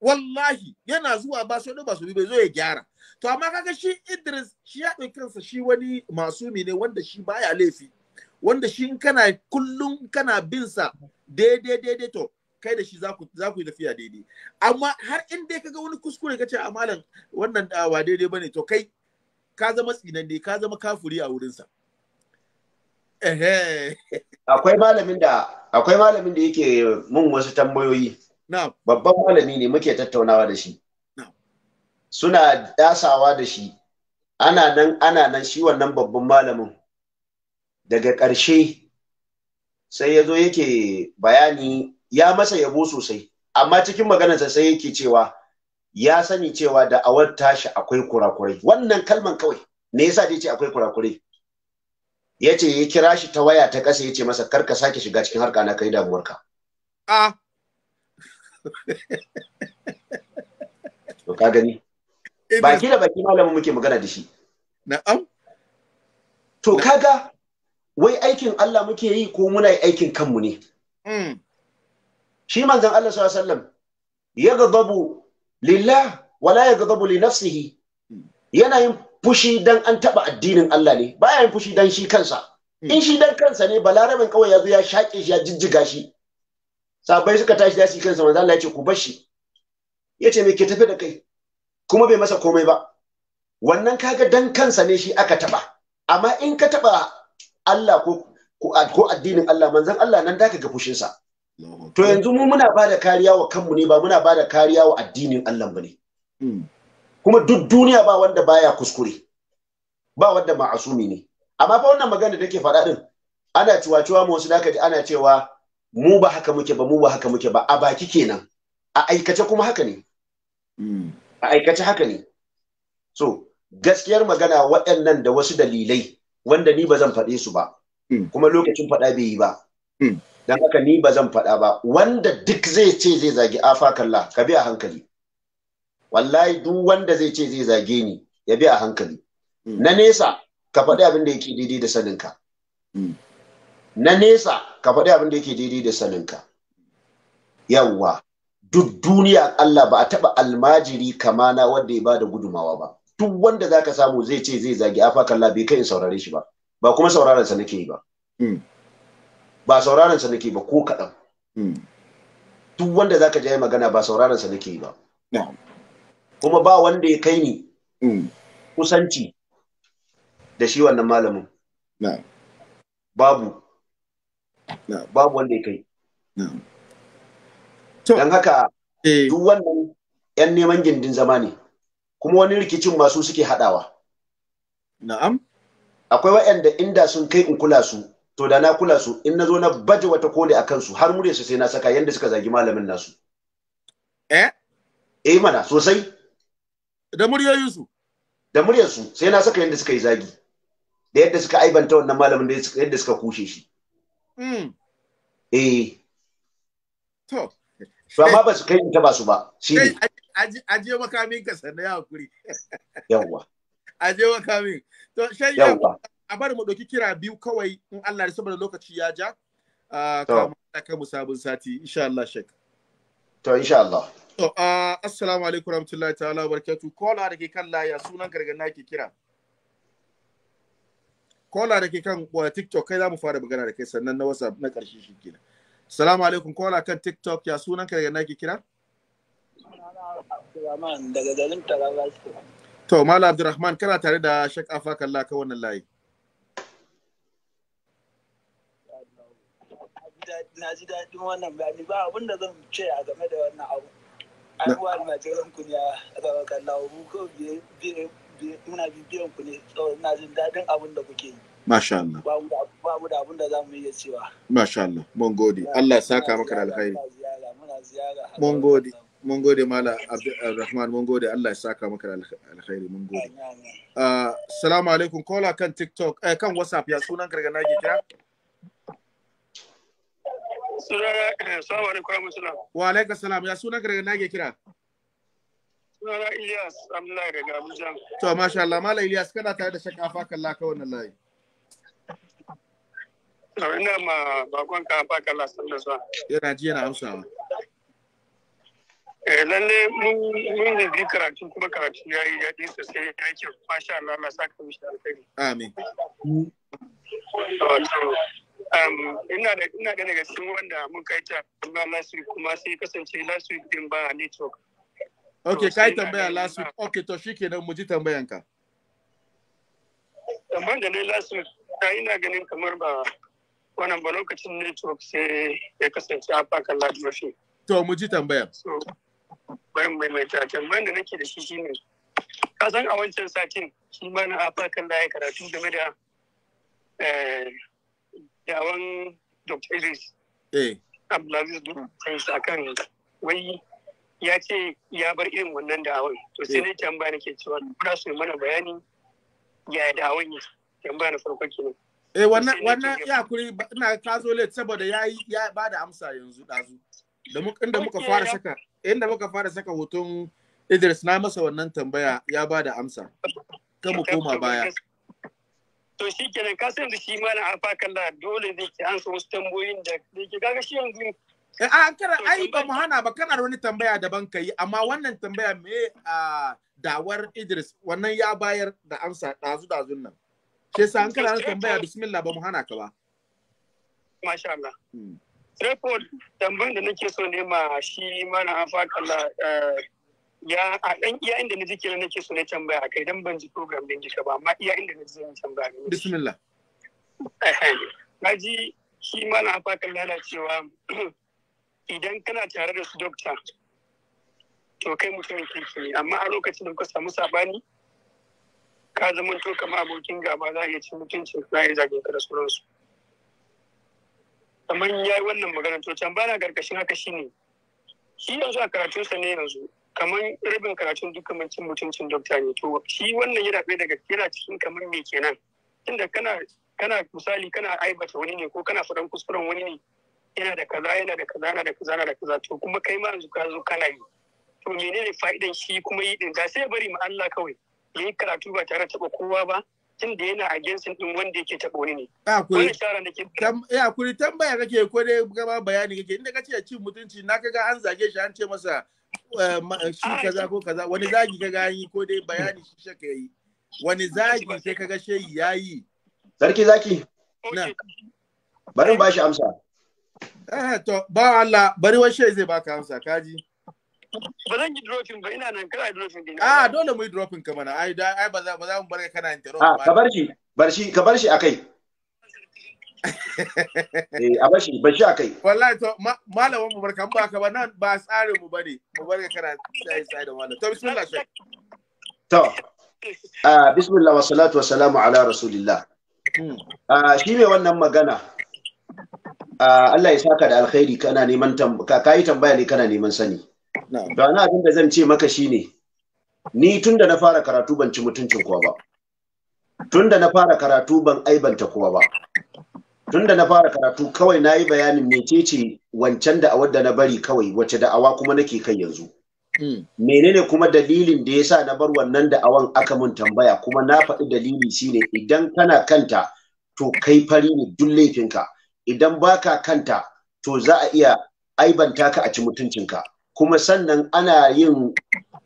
wallahi yana zuwa ba su ba su bi bai zo ya gyara to amma kaga shi Idris shi ya ɗauki kansa shi wani masumi ne wanda shi baya laifi wanda shi kana kullum kana bin sa daidai daidai to kai da shi za ku yi tafiya daidai amma har in dai ga wani kuskure kace a ah, malam wannan dawa ah, daidai bane to kai ka zama tsinanne ka zama kafuri a wurinsa akwai malamin da akwai malamin da yake mun wasu tambayoyi babban malami ne muke tattaunawa da shi suna dasawa da shi ana nan ana nan shi wannan babban malamin daga ƙarshe sai ya zo yake bayani ya masa yabo sosai amma cikin maganarsa sai yake cewa ya sani cewa da awar tashi akwai kurakurai wannan kalman kawai ne yasa dai ce akwai kurakurai ya ce ya kira shi ta waya ta ƙasa ya ce masa kar ka sake shiga cikin harka na kai damuwarka a ah. to ka gani eh, baki da baki malamin muke magana da shi na'am to kaga wai aikin Allah muke yi ko muna yi aikin kanmu ne hmm. shi manzon Allah sallallahu alaihi wasallam ya lillah wala ya gadabu li nafsihi yana yin fushi dan an taba addinin Allah ne baya yin fushi dan shi kansa hmm. in shi dan kansa ne balarabin kawai ya zo ya shaƙe shi ya jijjiga shi sabai suka tashi za kansa manzo Allah ya ce ku bar shi ya ce me ke tafi da kai kuma bai masa komai ba wannan kaga dan kansa ne shi aka taba amma in ka taba Allah ko ko addinin Allah manzon Allah nan da ka ga fushinsa to yanzu mu muna bada kariya wa kanmu ne ba muna bada kariya wa addinin Allah ba ne hmm. kuma duk duniya ba wanda baya kuskure ba wanda ma'asumi ne amma fa wannan magana da take faɗa din ana ciwa-ciwa mu wasu da ana cewa mu ba haka muke ba mu ba haka muke ba a baki kenan a aikace kuma haka ne hmm. a aikace haka ne so gaskiyar magana waɗannan da wasu dalilai wanda ni ba zan faɗe su ba hmm. kuma lokacin faɗa bai yi ba hmm. don haka ni ba zan faɗa ba wanda duk zai ce zai zagi kalla ka bi a hankali wallahi duk wanda zai ce zai zage ni ya bi a hankali na nesa ka faɗi abin da yake daidai da saninka na nesa ka faɗi abin da yake daidai da saninka yawwa duk duniya Allah ba a taɓa almajiri kamana wanda ya bada gudumawa ba duk wanda zaka samu zai ce zai zagi afa kalla bai kai in saurare shi ba ba kuma sauraron sa nake yi ba hmm. ba sauraron sa nake ba ko kaɗan hmm. duk wanda zaka ji magana ba sauraron sa nake ba kuma ba wanda ya kai ni hmm. kusanci da shi wannan malamin babu babu wanda ya kai don haka eh. duk wannan yan neman gindin zama ne kuma wani rikicin masu suke haɗawa na'am akwai waɗanda inda sun kai in kula su to da na kula su in na zo na baje wata koli a kansu har mure su sai na saka yadda suka zagi malamin nasu eh eh mana sosai da su. da muryarsu sai na saka yadda suka yi zagi da yadda suka aibanta wannan malamin da yadda suka kushe shi Mm. eh to amma ba su kai ta ba su ba shi ne aje makamin ka sannan ya hakuri yawa aje makamin to shan yawa a bari mu ɗauki kira biyu kawai in Allah ya saboda lokaci ya ja kamar da kai mu sabon sati insha Allah shek to insha Allah to assalamu alaikum warahmatullahi ta'ala barakatuh kola da ke kan laya sunan gargana ke kira kola da ke kan tiktok kai za mu fara magana da kai sannan na whatsapp na ƙarshe shi kenan salamu alaikum kola kan tiktok ya sunan ka daga naki kira daga garin taraba to malam kana tare da shek afa kalla ka wannan layi na ji daɗin wannan bayani ba abin da zan ce a game da wannan abu an almajiran ku ya raba kalla ko muna bibiyan ku ne muna jin daɗin abin da kuke yi Masha Allah. Babu da abin da za mu iya cewa. Masha Allah. Mun gode. Allah saka maka da alkhairi. Mun gode. Mun gode Mala Abdulrahman. Eh, Mun gode. Allah ya saka maka da alkhairi. Mun gode. Ah, alaikum. Kola kan TikTok. Eh, kan WhatsApp ya sunan karga nage kira? Sunana eh, alaikum. Wa alaikum salam. Ya sunan karga nage kira? sunana Ilyas Abdullahi daga Abuja. To masha Allah Mala Ilyas kana tare da shakafa kalla ka wannan layi. To ina ma bakon ka kafa kalla san da sa. Yana ji yana amsawa. Eh lalle mun mun bi karatu kuma karatu yayi ya ji sosai ya kyau masha Allah Allah saka mishi alkhairi. Amin. Um, ina da ina da daga cikin wanda mun kai ta kuma last week kuma sai kasance last week din ba network. Ok, yi tambaya last week. Ok, to shi kenan mu ji tambayanka. Tambayan da dai last week, ta ina ganin kamar ba wannan ba lokacin network sai ya kasance a fakan lajiyoshi. To, mu ji tambaya. mai mai ta tambayan da nake da shi ne ka san a wancan satin shi ma na afakan da ya karatu game da yawon eh, Dr. Idris. Eh. Abdulaziz Dukkan akan wai ya ce ya bar irin wannan da'awan to sai na tambaya nake cewa kuna su mana bayani ya da'awan yi tambaya na farko kenan eh wannan wannan ya kuri ina ka zo late saboda ya ya bada amsa yanzu dazu da mu inda muka fara saka inda muka fara saka hoton Idris na masa wannan tambaya ya bada amsa ka mu koma baya to shi kenan ka san da shi mana afakan da dole zai ki ansa wasu tambayoyin da ke kaga shi yanzu Eh, a kara ai ba mu hana ba kana da wani tambaya daban ka yi amma wannan tambaya me a dawar Idris wannan ya bayar da amsa dazu dazun nan. Ke sa an kara tambaya bismillah ba mu hana ka ba. Masha Allah. Hmm. report tambayan da nake so ne ma shi mana an faɗa Allah eh, ya a ɗan iya inda na ji nake so na tambaya kai dan ban ji program din ka ba amma iya inda na ji zan tambaya. Bismillah. Eh, na ji shi mana an Allah lalacewa idan kana tare da su dokta to kai mutumin kirki ne amma a lokacin da kuka samu sabani ka zama to kamar abokin gaba za a iya cin mutuncin na iya zagin ka da sauransu kamar ya yi wannan magana to can bana karkashin haka shine shi yanzu a karatunsa ne yanzu kamar rabin karatun dukkan cin mutuncin dokta ne to shi wannan yana ɗaya daga yana cikin kamar me kenan tunda kana kana misali kana aibata wani ne ko kana faɗan kuskuren wani ne yana da kaza yana da kaza yana da kaza yana da kaza to kuma kai ma yanzu ka zo kana yi to menene fa'idan shi kuma yi din ga sai ya bari mu Allah kawai yi karatu ba tare da taba kowa ba tun da yana a gensin din wanda yake taba wani ne wani shara da ke ya kuri tambaya kake ko dai gaba bayani kake inda kace ci mutunci na kaga an zage shi an ce masa eh, eh, shi kaza ko kaza wani zagi kaga an yi ko dai bayani shi shaka yi wani zagi sai kaga shehi yayi sarki zaki na bari ba shi amsa Eh to ba Allah bari wani shai zai baka amsa kaji. Bazan zan yi dropping ba ina nan kana dropping din. Ah dole mu yi dropping ka mana ai ai ba za mu barka kana interrupt ah, ba. Ka bar shi bar shi ka bar shi akai. Eh a bar shi bar shi akai. Wallahi to malamin mu barka ba ka ba nan ba tsarin mu bane mu barka kana sai sai da malam. To bismillah shai. To ah, bismillah wa salatu wa salamu ala rasulillah. Hmm. Ah, shi ne wannan magana Ah, Allah ya saka da alkhairi kana neman tambaya ka tambaya ne kana neman sani da na abin da zan ce maka shine ni tun da na fara karatu ban ci mutuncin kowa ba tun na fara karatu ban aibanta kowa ba tun na fara karatu kawai nayi bayanin mecece wancan da awar da na bari kawai wace awa kuma nake kai yanzu hmm. menene kuma dalilin da yasa na bar wannan da'awan aka mun tambaya kuma na faɗi dalili shine idan kana kanta to kai fari ne duk laifinka idan baka kanta to za a iya aibanta ka a ci mutuncinka kuma sannan ana yin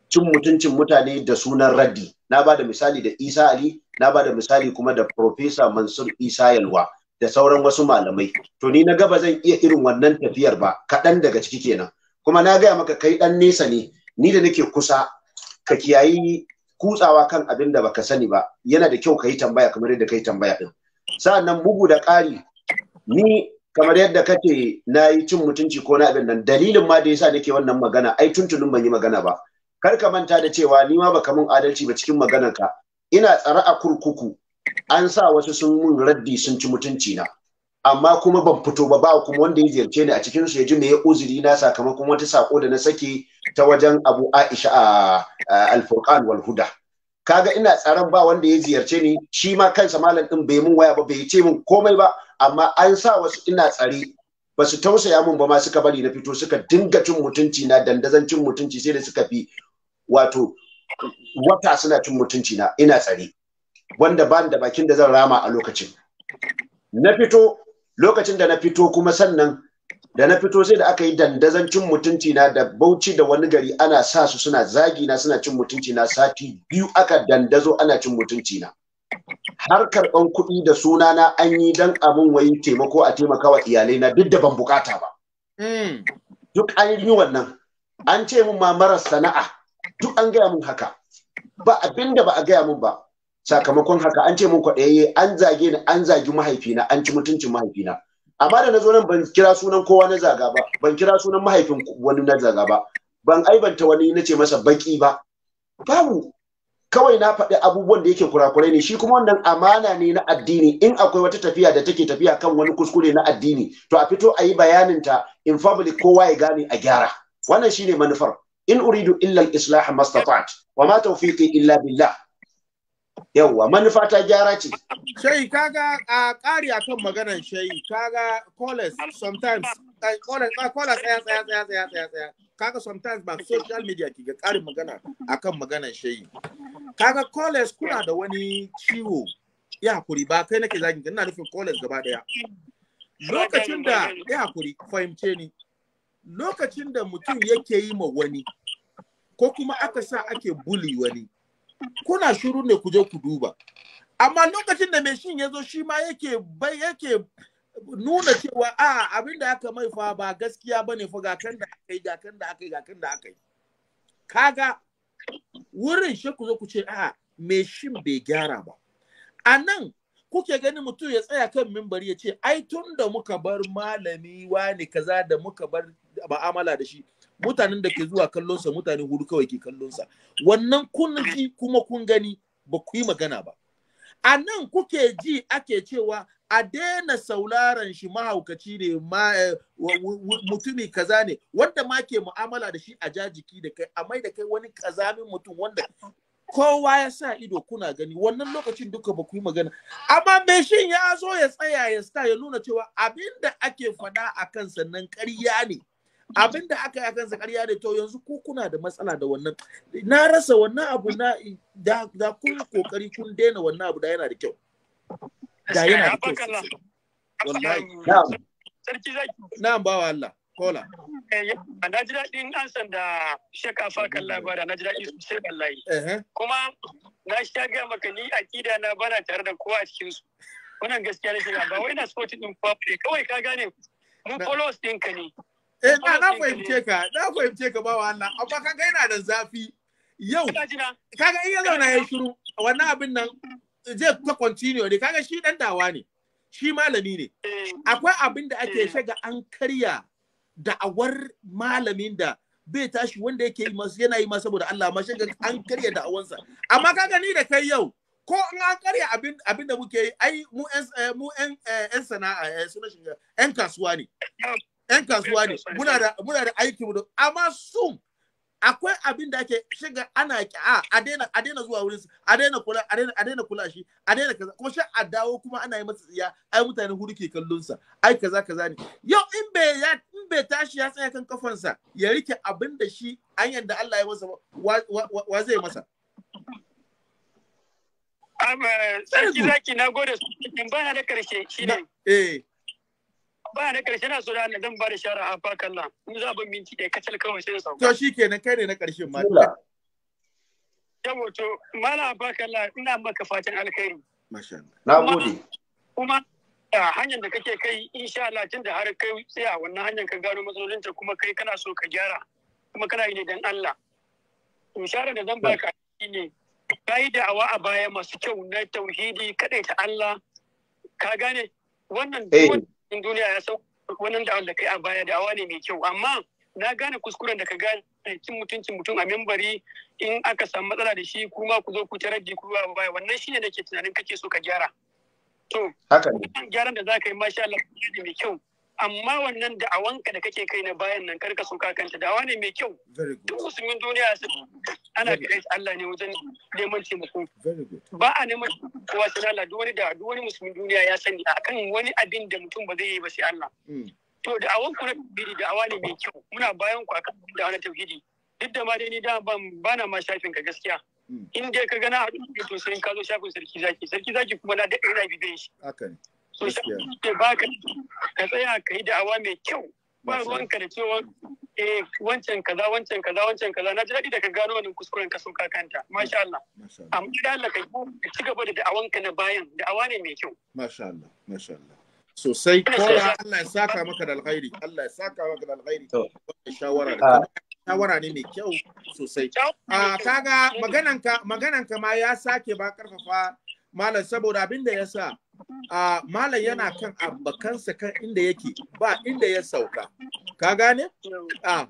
cin mutuncin mutane da sunan raddi na ba da misali da isa ali na ba da misali kuma da profesa mansur isa yalwa da sauran wasu malamai to ni na gaba zan iya irin wannan tafiyar ba kaɗan daga ciki kenan kuma na gaya maka kai ɗan nesa ne ni da nake kusa ka kiyayi kutsawa kan abin da baka sani ba yana da kyau ka yi tambaya kamar yadda ka yi tambaya ɗin sa'annan bugu da ƙari ni kamar yadda kake na yi cin mutunci ko na abin nan dalilin ma da ya sa nake wannan magana ai tuntunin ban yi magana ba kar ka manta da cewa ni ma baka mun adalci ba cikin maganar ka ina tsare a kurkuku an sa wasu sun mun raddi sun ci mutunci na amma kuma ban fito ba ba kuma wanda ya ziyarce ni a cikin su ya ji me ya uzuri na sakamakon wata sako da na sake ta wajen Abu Aisha a Al-Furqan wal Huda kaga ina tsaron ba wanda ya ziyarce ni shi ma kansa malam din bai mun waya ba bai ce mun komai ba amma an sa wasu ina tsare ba su tausaya mun ba ma suka bari na fito suka dinga cin mutunci na dandazan cin mutunci sai da suka fi wato wata suna cin mutunci na ina tsare wanda ban da bakin da zan rama a lokacin na fito lokacin da na fito kuma sannan da na fito sai da aka yi dandazan cin mutunci na da bauchi da wani gari ana sa su suna zagi na suna cin mutunci na sati biyu aka dandazo ana cin mutunci na har ɗan kuɗi da suna na an yi dan abin wai taimako a taimakawa iyalai na duk da ban bukata ba hmm. duk an yi wannan an ce min ma maras sana'a duk an gaya min haka ba abinda ba a gaya min ba sakamakon haka an ce min kwaɗayayye an zage ni an zagi mahaifina an ci mutuncin mahaifina amma da na zo nan ban kira sunan kowa na zaga ba ban kira sunan mahaifin wani na zaga ba ban aibanta wani na ce masa baki ba babu kawai na faɗi abubuwan da yake kurakurai ne shi kuma wannan amana ne na addini in akwai wata tafiya da take tafiya kan wani kuskure na addini to a fito a yi bayanin ta in public kowa ya gane a gyara wannan shine manufar in uridu illa al-islah mastata'at wa ma tawfiqi illa billah yawa manufa ta gyara ce shayi kaga a ƙari akan maganar shayi kaga college sometimes eh, college college tsaya tsaya tsaya tsaya tsaya kaga sometimes ba social media ke ga karin magana akan maganar shayi kaga college kuna da wani ciwo ya hakuri ba kai nake zagin ina nufin college gaba daya lokacin da ya hakuri fahimce ni lokacin da mutum yake yi ma wani ko kuma aka sa ake buli wani kuna shiru ne ku je ku duba amma lokacin da mai shin ya zo shi ma yake bai yake nuna cewa a abin da aka mai fa ba gaskiya ba ne fa ga kan da aka yi ga kan da aka yi ga kan da aka yi kaga wurin shi ku zo ku ce a me shin bai gyara ba a nan kuke ganin mutum ya tsaya kan mimbari ya ce ai tun da muka bar malami wani kaza da muka bar ba'amala da shi mutanen da ke zuwa kallonsa mutane hudu kawai ke kallonsa wannan kun ji kuma kun gani ba ku yi magana ba a nan kuke ji ake cewa a daina sauraron shi mahaukaci ne eh, mutumi kaza ne wanda ma ke mu'amala da shi a jajiki da kai a mai da kai wani kazamin mutum wanda kowa ya sa ido kuna gani wannan lokacin duka ba ku yi magana amma mai shin ya zo ya tsaya ya sta ya nuna cewa abinda ake faɗa a kan sannan karya ne abin da aka yi akan sa ƙarya da to yanzu ku kuna da matsala da wannan na rasa wannan abu na da, da kun kokari kun daina wannan abu da yana da kyau da yana da kyau wallahi sarki zaki na'am bawa Allah kola eh, na ji daɗin an da shaka fakan labara na ji daɗi sosai wallahi kuma na sha ga maka ni akida na bana tare da kowa a cikin su wannan gaskiya ne ba wai na sporting din kowa kawai ka gane mu followers ɗinka ne Eh na na fahimce ka, na fahimce ka bawa Allah, amma kaga yana da zafi. Yau kaga iya zauna ya shiru wannan abin nan zai ta continue ne kaga shi dan dawa ne. Shi malami ne. Eh. Akwai abin da ake eh. shaga an karya da'awar malamin da bai tashi wanda yake yi masu yana yi ma saboda Allah amma shaga an karya da'awansa. Amma kaga ni da kai yau ko in an karya abin abin da muke yi ai mu yan eh, mu sana'a yan kasuwa ne. 'yan kasuwa ne muna da aiki mu amma su akwai abin da ake shiga ana ki a a daina zuwa wurin su a daina kula a daina a daina kula shi a daina kaza kuma shi a dawo kuma ana yi masa tsiya ai mutane hudu ke kallon sa ai kaza kaza ne yau in bai ya in bai tashi ya tsaya kan kafansa ya rike abin da shi an yanda Allah ya masa wa zai masa Amma sarki zaki na gode su ba na da karshe shi ne. Eh. ba na karshe na so da na zan ba da shara hafa kalla mu za ban minti da kacal kawai sai sauka to shikenan kai ne na karshe ma yabo to mala hafa kalla ina maka fatan alkhairi masha Allah na gode kuma a hanyar da kake kai insha Allah tun da har kai sai a wannan hanyar ka gano matsalolinta kuma kai kana so ka gyara kuma kana yi ne dan Allah to shara da zan baka ne kai da awa a baya masu kyau na tauhidi kadai ta Allah ka gane wannan duk eh. cikin duniya ya sau wannan da da kai a baya da awa ne mai kyau amma na gane kuskuren da ka gane cin mutuncin mutum a membari in aka samu matsala da shi kuma ku zo ku ta da ku a baya wannan shine nake tunanin kake so ka gyara to wannan gyaran da zaka yi masha Allah ne mai kyau amma wannan da'awanka da kake kai na bayan nan karka so kanta da'awa ne mai kyau duk musulmin duniya ana kiran Allah ne wajen neman taimako ba a neman kowa sai Allah duk wani da duk wani musulmi duniya ya sani a kan wani abin da mutum ba zai yi ba sai Allah mm. to da awon ku na biri da awa ne mai kyau muna bayan ku akan da wani tauhidi duk da ma dai ni da ba na ma shafin ka gaskiya mm. in dai ka gana a da to sai ka zo shafin sarki zaki sarki zaki kuma na da na bibiyan shi to ba ka ka tsaya ka yi awa mai kyau ba ruwanka da cewa eh wancan kaza wancan kaza wancan kaza na ji daɗi da ka gano wannan kuskuren ka so kakanta masha Allah amma da Allah ka ci gaba da da'awanka na bayan da'awa ne mai kyau masha Allah masha Allah sosai kowa Allah ya saka maka da alkhairi Allah ya saka maka da alkhairi wannan shawara da ah. shawara ne mai kyau sosai a ah, kaga magananka ka ma ya sake ba karfafa malam saboda abin da ya sa malam yana kan abakansa kan inda yake ba inda ya sauka ka gane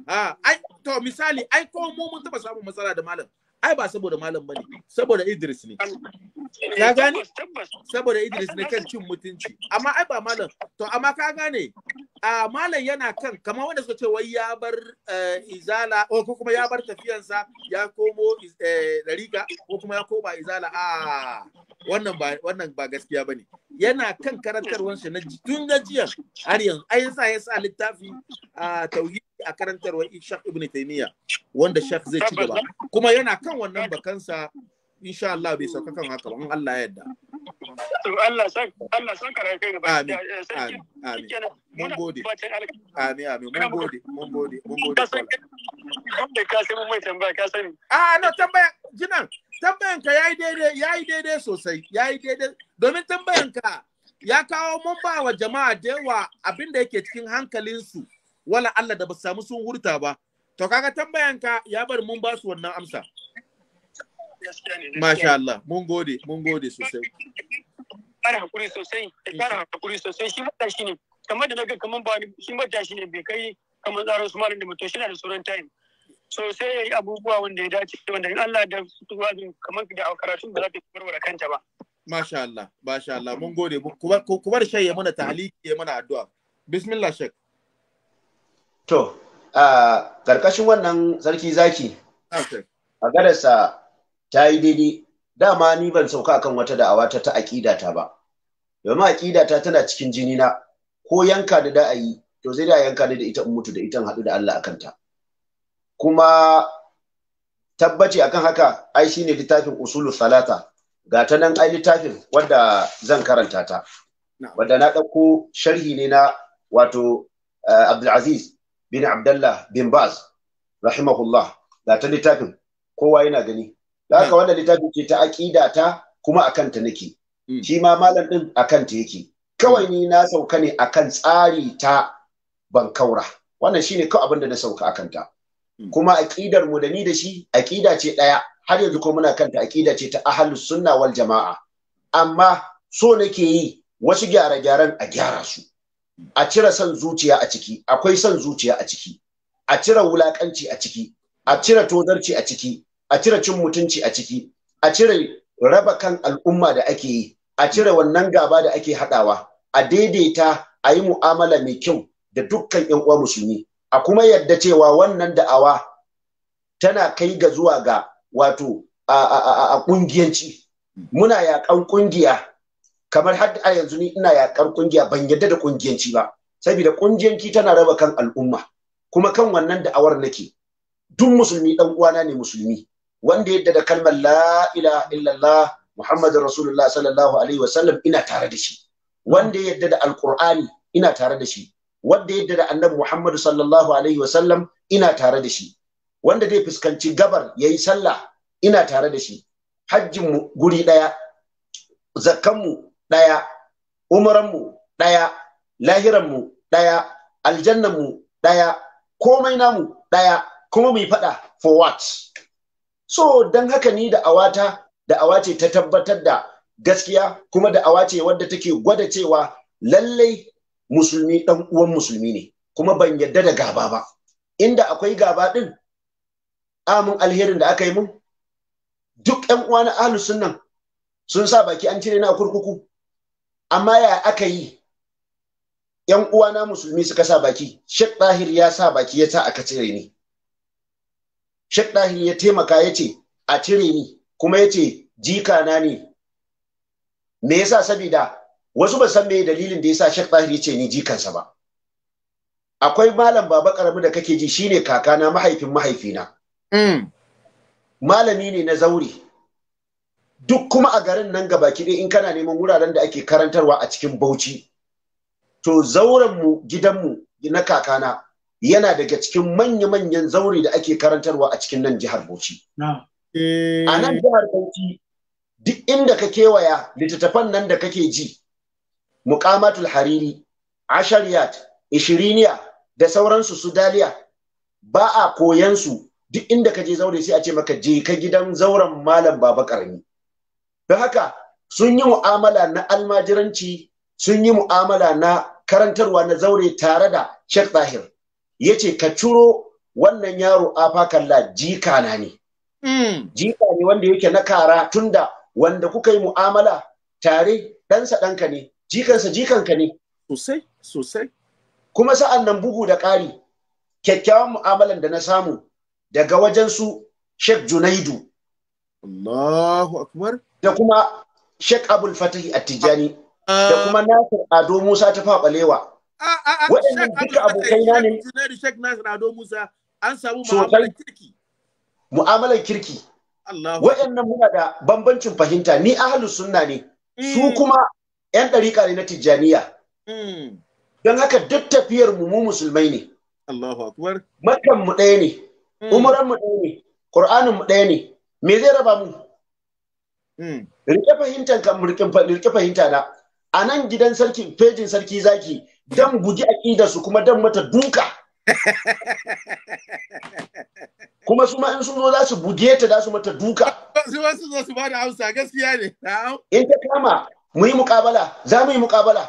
a to misali ai ko mu mun taba samun matsala da malam ai ba saboda malam bane saboda Idris ne ya gane saboda Idris ne kan cin mutunci amma ai ba malam to amma ka gane a malam yana kan kamar wanda suka ce wai ya bar eh, izala ko kuma ya bar tafiyansa ya komo eh, dariga ko kuma ya koma izala a wannan ba wannan ba gaskiya bane yana kan karantarwar shi na tun da jiya har yanzu ai yasa ya sa littafi a tauhid a karantarwar Ishaq Ibn Taymiyyah wanda Sheikh zai ci gaba kuma yana kan wannan bakansa insha Allah bai sauka kan haka in Allah ya yarda Allah san Allah san kai gaba amin amin mun gode amin amin mun gode mun gode mun gode ka san ka sai mun mai tambaya ka sani ah no tambaya jinan tambayan ka yayi daidai yayi daidai sosai yayi daidai domin tambayan ka ya kawo mun ba wa jama'a da yawa abin da yake cikin hankalinsu su wala Allah da ba su samu sun hurta ba to kaga tambayanka ya bar mun ba su wannan amsa Masha Allah, mun gode, mun gode sosai. Ƙara hakuri sosai, ƙara eh, hakuri sosai, shi matashi ne, kamar da naga kamar ba shi matashi ne bai kai kamar tsarin su malam da mutum shi na da sauran time. So sai ya yi abubuwa wanda ya dace wanda in Allah da fitowa kamar da karatun ba za ta warware kanta ba. Masha Allah, Masha Allah, mun gode, kuma da shai ya mana tahaliki ya mana addu'a. Bismillah Sheikh. to a ƙarƙashin wannan sarki zaki a gadasa ta yi daidai dama ni ban sauka kan wata da'awa ta ta aƙidata ba domin aƙida ta tana cikin jini na ko yanka da da yi to sai da yanka da ita in mutu da ita haɗu da Allah a kanta. kuma tabbaci akan haka ai shi ne littafin usulu salata ga ta nan ai littafin wadda zan karanta ta wadda na ɗauko sharhi ne na wato Abdulaziz bin Abdullah bin Baz rahimahullah da ta littafin kowa yana gani da haka wannan littafin ce ta aƙida ta kuma akan ta nake hmm. shi ma malam din akan ta yake kawai ni na sauka ne akan tsari ta bankaura wannan shine kawai abin da na sauka akan ta hmm. kuma aƙidar mu da ni da shi aƙida ce ɗaya har yanzu ko muna kanta aƙida ce ta ahlus sunna wal jama'a amma so nake yi wasu gyara-gyaran a gyara su a cire son zuciya a ciki akwai son zuciya a ciki a cire wulakanci a ciki a cire tozarci a ciki a cire cin mutunci a ciki a cire raba kan al'umma da ake yi a cire wannan gaba da ake haɗawa a daidaita a yi mu'amala mai kyau da dukkan yan uwa musulmi a kuma yadda cewa wannan da'awa tana kai ga zuwa ga wato a kungiyanci. muna yaƙan ƙungiya kamar har a yanzu ni ina yakar kungiya ban yadda da kungiyanci ba saboda kungiyanci tana raba kan al'umma kuma kan wannan da'awar nake duk musulmi dan uwana ne musulmi wanda yadda da kalmar la ilaha illallah Muhammadu rasulullah sallallahu alaihi wa sallam ina tare da shi wanda yadda da alqur'ani ina tare da shi wanda yadda da annabi muhammadu sallallahu alaihi wa sallam ina tare da shi wanda zai fuskanci gabar yayi sallah ina tare da shi hajjin mu guri daya zakkan mu ɗaya umaranmu ɗaya lahiranmu ɗaya aljannanmu ɗaya komai namu ɗaya kuma mu faɗa for what so don haka ni da awata da awace ta tabbatar da gaskiya kuma da awace wadda take gwada cewa lallai musulmi ɗan uwan musulmi ne kuma ban yadda da gaba ba inda akwai gaba ɗin amin alherin da aka yi mun duk ƴan uwa na ahlus sunna sun sa baki an cire na kurkuku amma ya aka yi yan uwana musulmi suka sa baki Sheikh Dahir ya sa baki ya sa aka cire ni Sheikh Dahir ya taimaka ya ce a cire ni kuma ya ce jika na ne me yasa saboda wasu ba san me dalilin da yasa Sheikh Dahir ya ce ni jikansa ba akwai malam baba karamu da kake ji shine kakana mahaifin mahaifina mm. malami ne na zauri duk kuma a garin nan gaba ɗaya in kana neman wuraren da ake karantarwa a cikin bauchi to zaurenmu gidanmu na kakana yana daga cikin manya-manyan zaure da ake karantarwa a cikin nan jihar bauchi a nan jihar bauchi duk inda ka kewaya littattafan nan da kake ji muqamatul hariri ashariyat ishiriniya da sauransu su daliya ba a koyan su duk inda ka je zaure sai a ce maka je ka gidan zauren malam baba karami da haka sun yi mu'amala na almajiranci sun yi mu'amala na karantarwa na zaure tare da Sheikh Zahir ya ce ka ciro wannan yaro afakalla jika na ne mm. jika ne wanda yake na kara tunda wanda kuka yi mu'amala tare ɗansa ɗanka ne jikansa jikanka ne sosai sosai kuma sa'an nan bugu da ƙari kyakkyawan mu'amalan da na samu daga wajen su Sheikh Junaidu Allahu akbar da kuma Sheikh Abul Fatahi At-Tijani da kuma Nasir Ado Musa ta faɓalewa. Waɗannan duka abokai na ne. Sheikh Nasir Ado Musa an samu mu'amalar kirki. Mu'amalar kirki. Waɗannan muna da bambancin fahimta ni ahlu sunna ne. Su mm. kuma 'yan ɗariƙa ne na Tijjaniya. Mm. Don haka duk tafiyar mu mu musulmai ne. Allahu akbar. Makan mu ɗaya ne. Mm. Umuran mu ɗaya ne. Qur'anin mu ɗaya ne. me zai raba mu hmm. rike fahimtar kan rike fahimta na a nan gidan sarki fejin sarki zaki dan bugi aƙida su kuma dan mata duka kuma su ma in sun zo za su buge ta za su mata duka su ma su zo su ba da hausa gaskiya ne in ta kama mu yi muƙabala za mu yi muƙabala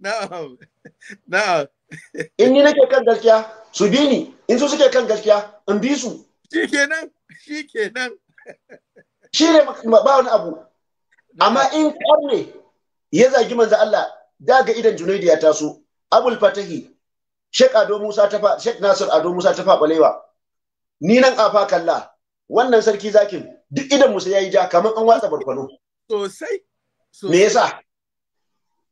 na'am na'am in ni nake kan gaskiya su bi ni in su suke kan gaskiya in bi su Shi ke nan. shi ne ba wani abu amma in karne ya zagi manzo Allah daga idan Junaidi ya taso Abul Fatahi Sheikh Ado Musa ta Sheikh Nasir Ado Musa ta balewa ni nan afa kalla wannan sarki zakin duk idan musa yayi ja kamar an watsa barkwano sosai me yasa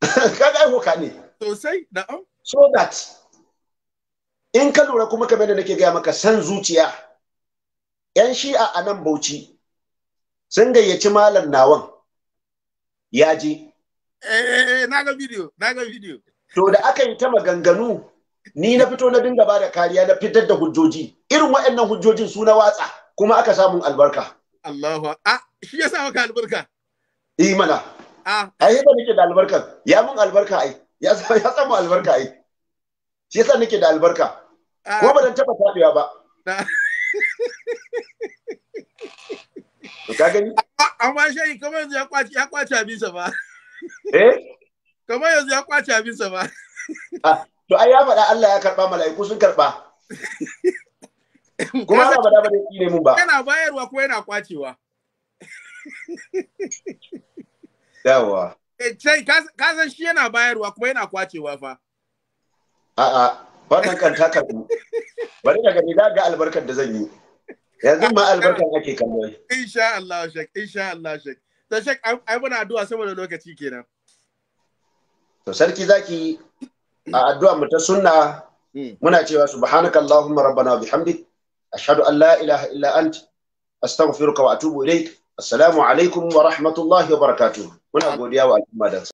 kaga ai hoka ne sosai na'am so that in ka lura kuma kamar da nake gaya maka san zuciya 'yan shi'a a nan bauchi sun gayyaci malam nawan ya je. Eh, eh, na ga bidiyo, na ga To da aka yi ta maganganu, ni na fito na dinga ba da kariya na fitar da hujjoji. Irin waɗannan hujjojin su na watsa, kuma aka samun albarka. Allahu a shi ya sa albarka. Eh mana. Ah. Ai ba nake da albarka, ya mun albarka ai. Ya samu albarka ai. Shi yasa nake da albarka. Ko ba dan taba tabewa ba. to ka gani amma shayi kamar yanzu ya kwace ya kwace abinsa ba eh? kamar yanzu ya kwace abinsa ba to ai ya faɗa Allah ya karɓa mala'iku sun karɓa. kuma ba da ba da ne mun ba yana bayarwa ko yana kwacewa yawa eh, sai ka san shi yana bayarwa kuma yana kwacewa fa a'a wannan kan ta karbu bari daga ni da ga albarkar da zan yi yanzu ma albarkar ake kallo insha Allah shek insha Allah shek to shek ai muna addu'a saboda lokaci kenan to sarki zaki a addu'a mu ta sunna hmm. muna cewa subhanaka allahumma rabbana bihamdik ashhadu an la ilaha illa ant astaghfiruka wa atubu ilaik assalamu alaikum wa rahmatullahi wa barakatuh muna godiya wa al'umma da